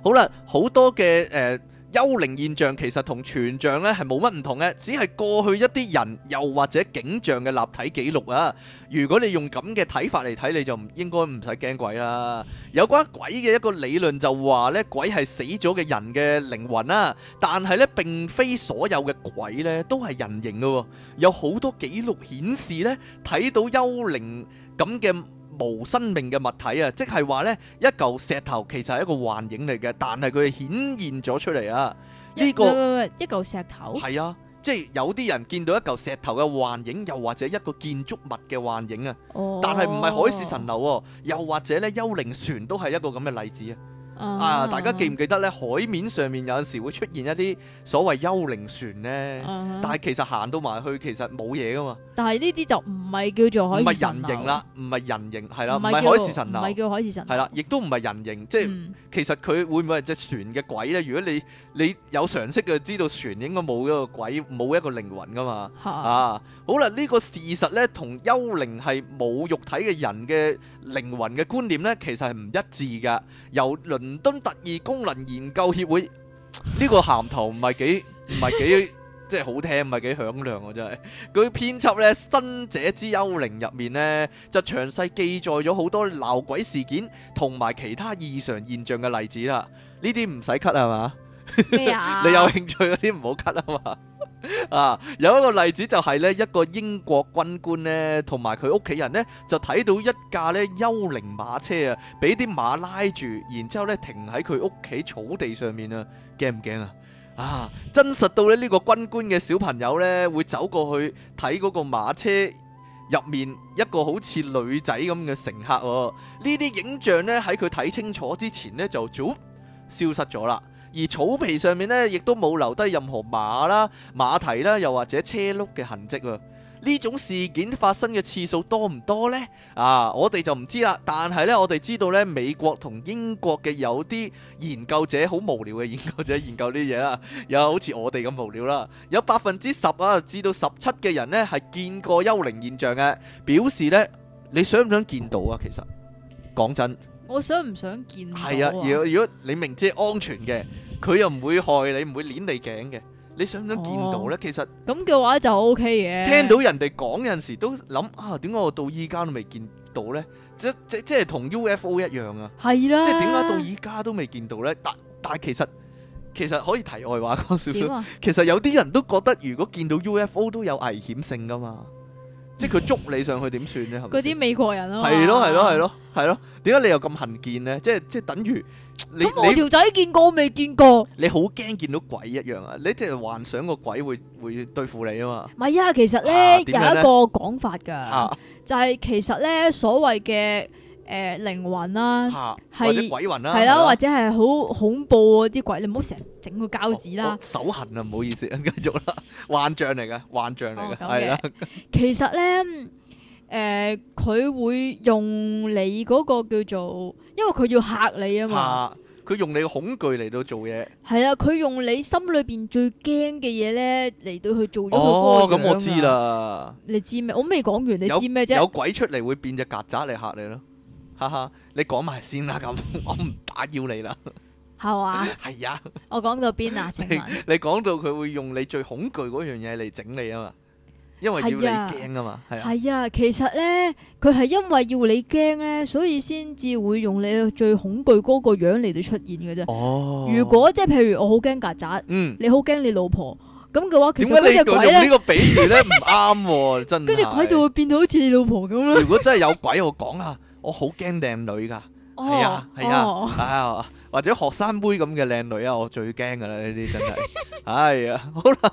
好啦，好多嘅誒。呃幽靈現象其實同全像咧係冇乜唔同嘅，只係過去一啲人又或者景象嘅立體記錄啊。如果你用咁嘅睇法嚟睇，你就唔應該唔使驚鬼啦。有關鬼嘅一個理論就話咧，鬼係死咗嘅人嘅靈魂啦，但係咧並非所有嘅鬼咧都係人形嘅喎，有好多記錄顯示咧睇到幽靈咁嘅。無生命嘅物體啊，即係話呢，一嚿石頭其實係一個幻影嚟嘅，但係佢顯現咗出嚟啊！呢、這個一嚿石頭係啊，即係有啲人見到一嚿石頭嘅幻影，又或者一個建築物嘅幻影啊，哦、但係唔係海市蜃樓，又或者呢，幽靈船都係一個咁嘅例子啊。啊！Uh huh. 大家記唔記得咧？海面上面有陣時會出現一啲所謂幽靈船咧，uh huh. 但係其實行到埋去其實冇嘢噶嘛。但係呢啲就唔係叫做海。唔係人形啦，唔係人形係啦，唔係海市蜃樓，唔係叫海市蜃樓係啦，亦都唔係人形，即係、嗯、其實佢會唔會係隻船嘅鬼咧？如果你你有常識嘅知道船應該冇一個鬼冇一個靈魂噶嘛、uh huh. 啊！好啦，呢、呢個事實咧同幽靈係冇肉體嘅人嘅靈魂嘅觀念咧，其實係唔一致嘅，由輪。倫敦特異功能研究協會呢、這個銜頭唔係幾唔係幾 (laughs) 即係好聽唔係幾響亮、啊、真係佢編輯咧《生者之幽靈》入面呢，就詳細記載咗好多鬧鬼事件同埋其他異常現象嘅例子啦，呢啲唔使 cut 係嘛？哎、呀 (laughs) 你有興趣嗰啲唔好 cut 啊嘛？啊，有一個例子就係咧，一個英國軍官咧，同埋佢屋企人咧，就睇到一架咧幽靈馬車啊，俾啲馬拉住，然之後咧停喺佢屋企草地上面啊，驚唔驚啊？啊，真實到咧呢個軍官嘅小朋友咧，會走過去睇嗰個馬車入面一個好似女仔咁嘅乘客，呢啲影像咧喺佢睇清楚之前咧就早消失咗啦。而草皮上面呢，亦都冇留低任何馬啦、馬蹄啦，又或者車轆嘅痕跡啊！呢種事件發生嘅次數多唔多呢？啊，我哋就唔知啦。但係呢，我哋知道呢，美國同英國嘅有啲研究者好無聊嘅研究者 (laughs) 研究呢嘢啦，又好似我哋咁無聊啦。有百分之十啊至到十七嘅人呢，係見過幽靈現象嘅，表示呢，你想唔想見到啊？其實講真。我想唔想見到？係啊，如果、啊、如果你明知係安全嘅，佢 (laughs) 又唔會害你，唔會鏈你頸嘅，你想唔想見到咧？哦、其實咁嘅話就 O K 嘅。聽到人哋講，有陣時都諗啊，點解我到依家都未見到咧？即即即係同 U F O 一樣啊！係啦、啊，即係點解到依家都未見到咧？但但係其實其實可以題外話講少少， (laughs) 其實有啲人都覺得如果見到 U F O 都有危險性噶嘛。即係佢捉你上去點算咧？係咪？嗰啲美國人咯。係咯，係咯，係咯，係咯。點解你又咁恨見咧？即即等於你你條仔見過未見過？你好驚見到鬼一樣啊！你即係幻想個鬼會會對付你啊嘛？唔係啊，其實咧、啊、有一個講法㗎，啊、就係其實咧所謂嘅。誒，靈魂啦、呃、鬼魂啦、啊，係是，係啦，或者係好、啊啊啊、恐怖嗰、啊、啲鬼，你唔好成日整個膠紙啦、哦。手痕啊，唔好意思，繼續啦，幻象嚟嘅，幻象嚟嘅，係啊、哦。 (laughs) 其實咧，誒、呃，佢會用你嗰個叫做，因為佢要吓你啊嘛。佢、啊、用你嘅恐懼嚟到做嘢。係啊，佢用你心裏邊最驚嘅嘢咧嚟到去做咗個。哦，咁我知啦。你知咩？我未講完，你知咩啫？有鬼出嚟會變隻曱甴嚟吓你咯。你講埋先啦，咁我唔打擾你啦。係啊，係啊，我講到邊啊？你講到佢會用你最恐懼嗰樣嘢嚟整你啊嘛？因為你驚啊嘛？係啊。係啊，其實咧，佢係因為要你驚咧，所以先至會用你最恐懼嗰個樣嚟到出現嘅啫。哦。如果即係譬如我好驚曱甴，你好驚你老婆咁嘅話，其實呢隻鬼呢個比喻咧唔啱，真。跟住鬼就會變到好似你老婆咁咯。如果真係有鬼，我講下。我好驚靚女噶，係啊係啊，啊，oh. 啊或者學生妹咁嘅靚女啊，我最驚噶啦，呢啲真係，係啊、 (laughs) 哎呀，好喇，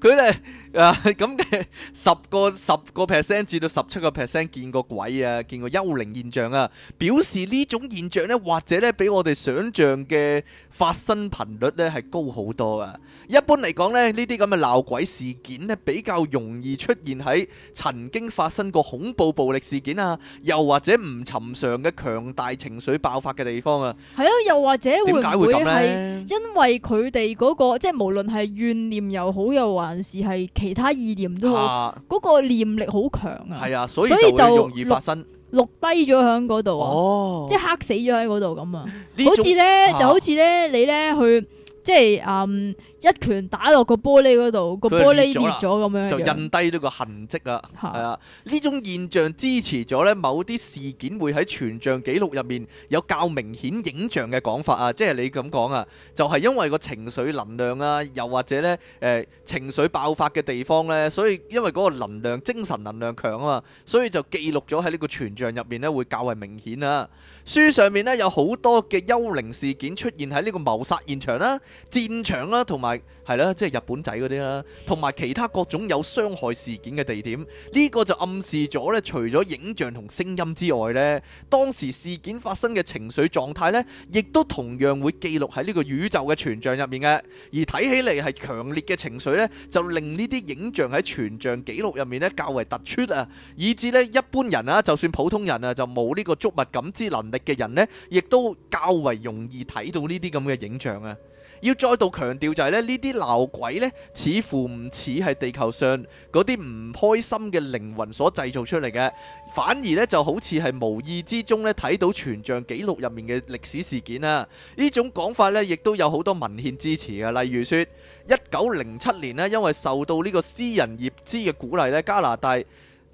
佢哋。 (laughs) 誒，咁嘅十個十個 percent 至到十七個 percent 見過鬼啊，見過幽靈現象啊，表示呢種現象呢，或者呢，比我哋想像嘅發生頻率呢係高好多噶啊。一般嚟講呢，呢啲咁嘅鬧鬼事件呢，比較容易出現喺曾經發生過恐怖暴力事件啊，又或者唔尋常嘅強大情緒爆發嘅地方啊。係啊，又或者會唔會係因為佢哋嗰個，即係無論係怨念又好，又還是係。其他意念都好、啊、嗰個念力好強啊，係啊，所以就落易錄低咗喺嗰度啊，哦、即係嚇死咗喺嗰度咁啊，種好似咧、啊、就好似咧你咧去即係嗯。一拳打落個玻璃度，個玻璃裂咗咁樣，就印低咗個痕跡啊！係啊，呢種現象支持咗咧，某啲事件會喺全像記錄入面有較明顯影像嘅講法啊！即係你咁講啊，就係、是、因為個情緒能量啊，又或者咧誒情緒爆發嘅地方咧，所以因為個能量，精神能量強啊嘛，所以就記錄咗喺呢個全像入面咧，會較為明顯啊！書上面咧有好多嘅幽靈事件出現喺呢個謀殺現場啦、戰場啦，同埋係啦，即係日本仔嗰啲啦，同埋其他各種有傷害事件嘅地點，呢、這個就暗示咗呢，除咗影像同聲音之外呢，當時事件發生嘅情緒狀態呢，亦都同樣會記錄喺呢個宇宙嘅全像入面嘅。而睇起嚟係強烈嘅情緒呢，就令呢啲影像喺全像記錄入面呢較為突出啊，以至呢一般人啊，就算普通人啊，就冇呢個觸物感知能力嘅人呢，亦都較為容易睇到呢啲咁嘅影像啊。要再度強調就係呢，呢啲鬧鬼呢，似乎唔似係地球上嗰啲唔開心嘅靈魂所製造出嚟嘅，反而呢就好似係無意之中呢，睇到全像記錄入面嘅歷史事件啦。呢種講法呢，亦都有好多文獻支持啊。例如說一九零七年呢，因為受到呢個私人業資嘅鼓勵呢，加拿大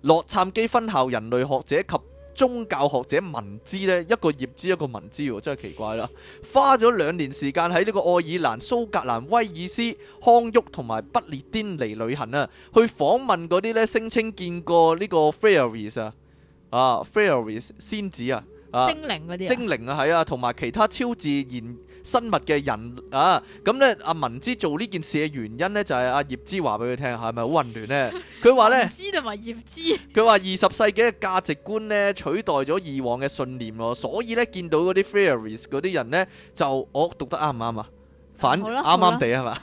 洛杉磯分校人類學者及宗教學者文之呢，一個葉之一個文之，真係奇怪啦！花咗兩年時間喺呢個愛爾蘭、蘇格蘭、威爾斯、康沃同埋不列顛尼旅行啊，去訪問嗰啲咧聲稱見過呢個 fairies 啊啊 fairies 仙子啊！精靈嗰啲精靈啊，係啊，同埋其他超自然生物嘅人啊，咁咧阿文芝做呢件事嘅原因咧，就係阿葉芝話俾佢聽，係咪好混亂咧？佢話咧，文芝同埋葉芝，佢話二十世紀嘅價值觀咧取代咗以往嘅信念咯，所以咧見到嗰啲 fairies 嗰啲人咧，就我讀得啱唔啱啊？反啱啱地係嘛？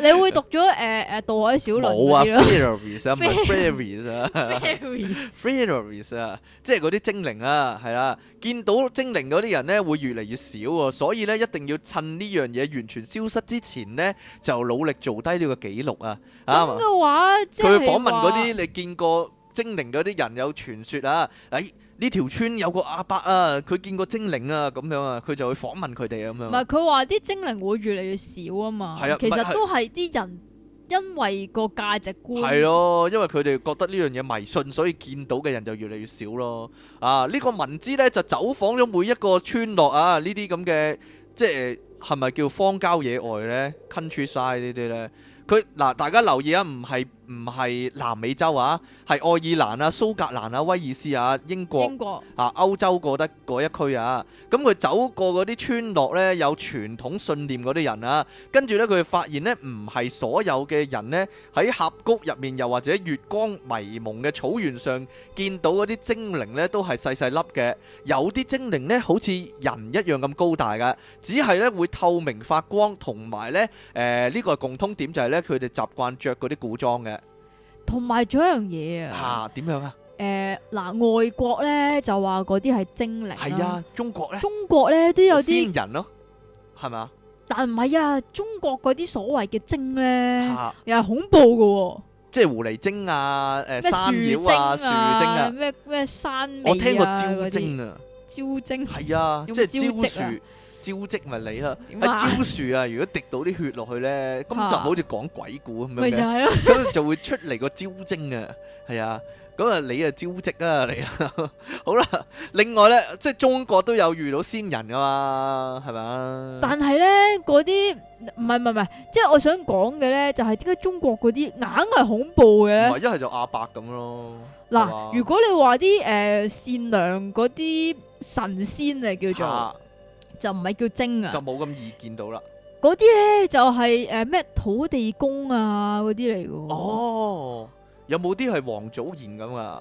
你會讀咗誒誒《渡、呃、海小輪》冇啊，Fairies 啊，唔係，Fairies 啊，Fairies 啊，即係嗰啲精靈啊，係啦，見到精靈嗰啲人咧會越嚟越少喎，所以咧一定要趁呢樣嘢完全消失之前咧，就努力做低呢個記錄啊！咁嘅話，佢訪問嗰啲你見過精靈嗰啲人有傳説啊，誒。呢條村有個阿伯啊，佢見過精靈啊，咁樣越越啊，佢就會訪問佢哋啊，咁樣。唔係佢話啲精靈會越嚟越少啊嘛，其實都係啲人因為個價值觀。係咯、啊，因為佢哋覺得呢樣嘢迷信，所以見到嘅人就越嚟越少咯。啊，呢、這個文資呢，就走訪咗每一個村落啊，呢啲咁嘅，即係係咪叫荒郊野外呢 countryside 呢啲呢？佢嗱大家留意啊，唔係。唔係南美洲啊，係愛爾蘭啊、蘇格蘭啊、威爾斯啊、英國，英國啊、歐洲過得嗰一區啊。咁、嗯、佢走過嗰啲村落咧，有傳統信念嗰啲人啊。跟住咧，佢發現咧，唔係所有嘅人咧喺峽谷入面，又或者月光迷蒙嘅草原上見到嗰啲精靈咧，都係細細粒嘅。有啲精靈咧，好似人一樣咁高大嘅，只係咧會透明發光，同埋咧誒呢、呃呢個共通點就係咧，佢哋習慣着嗰啲古裝嘅。同埋仲有一樣嘢啊！嚇點樣啊？誒嗱、呃呃，外國咧就話嗰啲係精靈。係啊，中國咧。中國咧都有啲仙人咯、哦，係咪啊？但唔係啊，中國嗰啲所謂嘅精咧，又係、啊、恐怖嘅喎、哦。即係狐狸精啊！咩、呃、樹、啊、精啊，樹精啊，咩咩、啊、山、啊？我聽過招精啊，招精係啊，即係招積啊。招積咪你咯，阿招樹啊，如果滴到啲血落去咧，咁就好似講鬼故咁樣嘅，咪就係咯，咁就會出嚟個招精啊，係啊，咁啊你啊招積啊你， (laughs) 好啦，另外咧，即係中國都有遇到仙人噶嘛，係咪？但係咧嗰啲唔係唔係唔係，即係我想講嘅咧，就係點解中國嗰啲硬係恐怖嘅咧？唔係一係就阿伯咁咯。嗱，如果你話啲誒善良嗰啲神仙啊叫做啊。就唔係叫精啊，就冇咁易見到啦。嗰啲呢就係誒咩土地公啊嗰啲嚟噶。哦，有冇啲係王祖賢咁啊？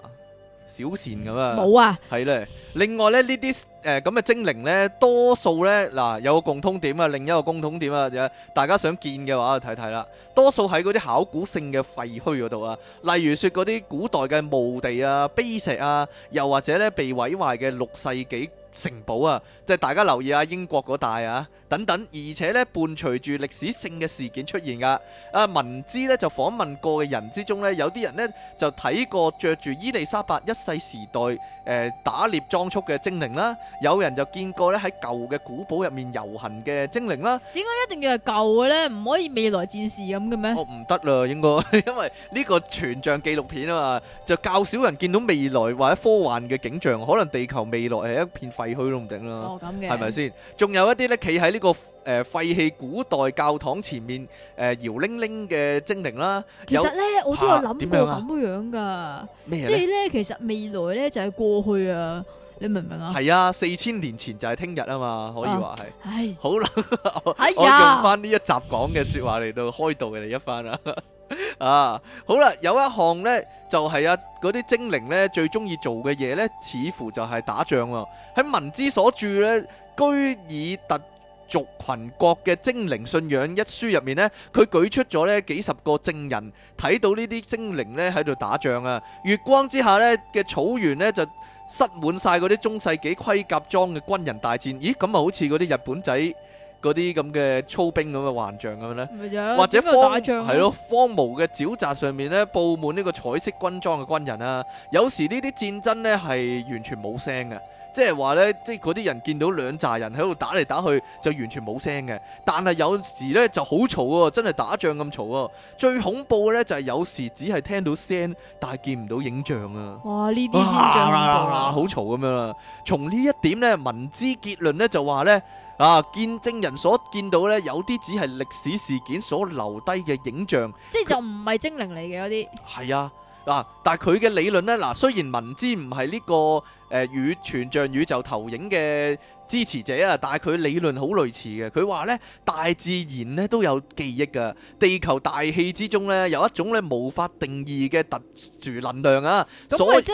小善咁、嗯、啊？冇啊。係咧，另外咧呢啲誒咁嘅精靈呢，多數呢，嗱有個共通點啊，另一個共通點啊，大家想見嘅話睇睇啦。多數喺嗰啲考古性嘅廢墟嗰度啊，例如說嗰啲古代嘅墓地啊、碑石啊，又或者呢，被毀壞嘅六世紀城堡啊，即係大家留意下英國嗰帶啊。等等，而且咧，伴隨住歷史性嘅事件出現噶。阿文之咧就訪問過嘅人之中咧，有啲人咧就睇過著住伊麗莎白一世時代誒打獵裝束嘅精靈啦，有人就見過咧喺舊嘅古堡入面遊行嘅精靈啦。點解一定要係舊嘅咧？唔可以未來戰士咁嘅咩？哦，唔得啦，應該因為呢個全像紀錄片啊嘛，就較少人見到未來或者科幻嘅景象。可能地球未來係一片廢墟都唔定啦。哦，咁嘅。係咪先？仲有一啲咧，企喺呢個誒廢棄古代教堂前面誒搖鈴鈴嘅精靈啦，其實咧有我都有諗過咁、啊、樣噶、啊，樣呢即係咧其實未來咧就係過去啊，你明唔明啊？係啊，四千年前就係聽日啊嘛，可以話係、啊。唉，好啦呀， (laughs) 我用翻呢一集講嘅說話嚟到開導你哋一番啦、啊。 (laughs) 啊，好啦，有一項咧就係、是、啊，嗰啲精靈咧最中意做嘅嘢咧，似乎就係打仗啊。喺文之所住咧，居爾特。族群國嘅精靈信仰一書入面呢，佢舉出咗呢幾十個證人睇到呢啲精靈呢喺度打仗啊！月光之下呢，嘅草原呢就塞滿晒嗰啲中世紀盔甲裝嘅軍人大戰。咦，咁啊好似嗰啲日本仔嗰啲咁嘅操兵咁嘅幻象咁咧？咪或者荒係咯，荒蕪嘅沼澤上面呢，佈滿呢個彩色軍裝嘅軍人啊。有時呢啲戰爭呢係完全冇聲嘅。即係話呢，即係嗰啲人見到兩紮人喺度打嚟打去，就完全冇聲嘅。但係有時呢就好嘈喎，真係打仗咁嘈喎。最恐怖呢，就係有時只係聽到聲，但係見唔到影像啊！哇，呢啲先最恐怖，好嘈咁樣啦。樣從呢一點呢，文知結論呢就話呢，啊，見證人所見到呢，有啲只係歷史事件所留低嘅影像。即係就唔係精靈嚟嘅嗰啲。係啊。嗱、啊，但係佢嘅理論呢，嗱，雖然文資唔係呢個誒宇、呃、全像宇宙投影嘅支持者啊，但係佢理論好類似嘅。佢話咧，大自然咧都有記憶㗎，地球大氣之中咧有一種咧無法定義嘅特殊能量啊。咁咪即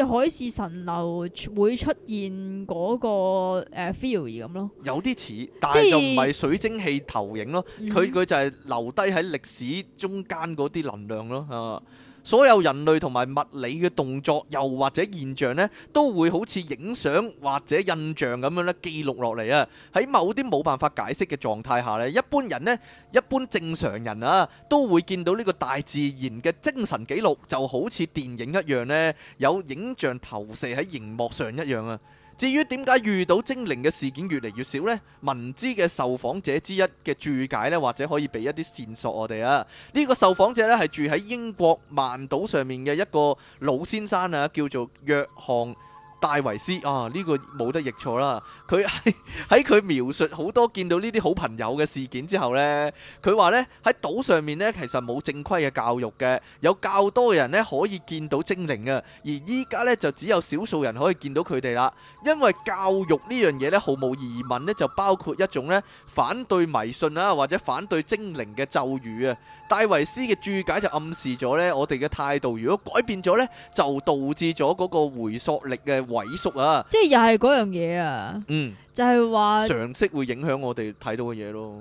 係好似海市蜃樓會出現嗰、嗰個 feel 咁咯？有啲似，但係就唔係水蒸氣投影咯。佢佢、嗯、哼就係留低喺歷史中間嗰啲能量咯啊！所有人類同埋物理嘅動作，又或者現象呢，都會好似影相或者印象咁樣咧記錄落嚟啊！喺某啲冇辦法解釋嘅狀態下呢，一般人呢，一般正常人啊，都會見到呢個大自然嘅精神記錄，就好似電影一樣呢，有影像投射喺熒幕上一樣啊！至於點解遇到精靈嘅事件越嚟越少呢？民知嘅受訪者之一嘅註解呢，或者可以俾一啲線索我哋啊。呢個受訪者呢，係住喺英國曼島上面嘅一個老先生啊，叫做約翰。戴維斯啊，呢個冇得譯錯啦！佢喺佢描述好多見到呢啲好朋友嘅事件之後咧，佢話咧喺島上面咧，其實冇正規嘅教育嘅，有較多人咧可以見到精靈啊，而依家咧就只有少數人可以見到佢哋啦。因為教育呢樣嘢咧，毫無疑問咧，就包括一種咧反對迷信啊，或者反對精靈嘅咒語啊。戴維斯嘅注解就暗示咗咧，我哋嘅態度如果改變咗咧，就導致咗嗰個回溯力嘅。萎縮啊！即係又係嗰樣嘢啊！嗯，就係話常識會影響我哋睇到嘅嘢咯。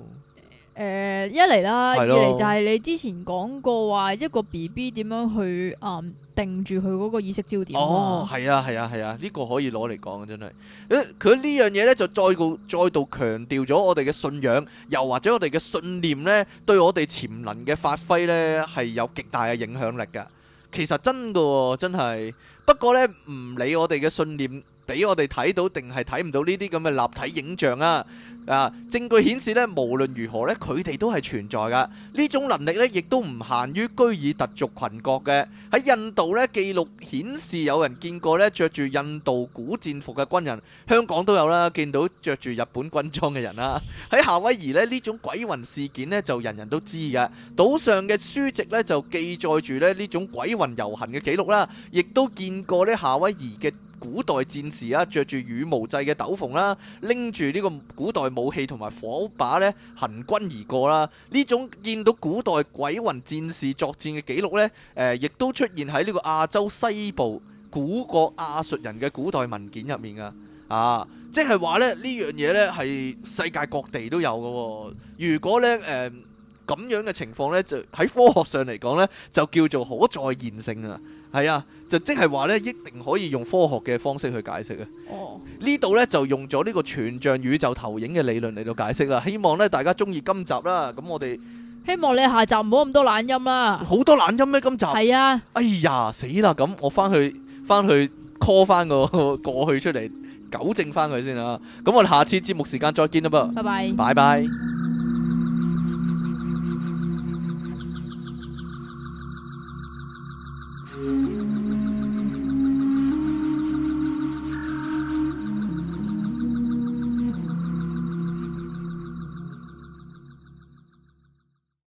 誒、呃，一嚟啦，二嚟就係你之前講過話一個 BB 點樣去誒、嗯、定住佢嗰個意識焦點、啊。哦，係啊，係啊，係啊，呢、啊這個可以攞嚟講真係。誒，佢呢樣嘢咧就再度再度強調咗我哋嘅信仰，又或者我哋嘅信念咧，對我哋潛能嘅發揮咧係有極大嘅影響力噶。其實真噶、哦，真係。不過咧，唔理我哋嘅信念。俾我哋睇到定係睇唔到呢啲咁嘅立體影像啊！啊，證據顯示呢，無論如何呢，佢哋都係存在噶。呢種能力呢，亦都唔限於居爾特族群國嘅。喺印度呢，記錄顯示有人見過呢着住印度古戰服嘅軍人。香港都有啦，見到着住日本軍裝嘅人啦、啊。喺夏威夷呢，呢種鬼魂事件呢，就人人都知噶。島上嘅書籍呢，就記載住呢呢種鬼魂遊行嘅記錄啦，亦都見過呢夏威夷嘅。古代戰士啦，着住羽毛製嘅斗篷啦，拎住呢個古代武器同埋火把咧，行軍而過啦。呢種見到古代鬼魂戰士作戰嘅記錄咧，誒、呃，亦都出現喺呢個亞洲西部古國亞述人嘅古代文件入面噶。啊，即係話咧，呢樣嘢咧係世界各地都有噶。如果咧，誒、呃。咁樣嘅情況呢，就喺科學上嚟講呢，就叫做可再現性啊！係啊，就即係話呢，一定可以用科學嘅方式去解釋啊！哦，呢度呢，就用咗呢個全像宇宙投影嘅理論嚟到解釋啦。希望呢，大家中意今集啦。咁我哋希望你下集唔好咁多懶音啦。好多懶音咩、啊？今集係啊！哎呀，死啦！咁我翻去翻去 call 翻個過去出嚟，糾正翻佢先啦！咁我哋下次節目時間再見啦噃。拜拜，拜拜。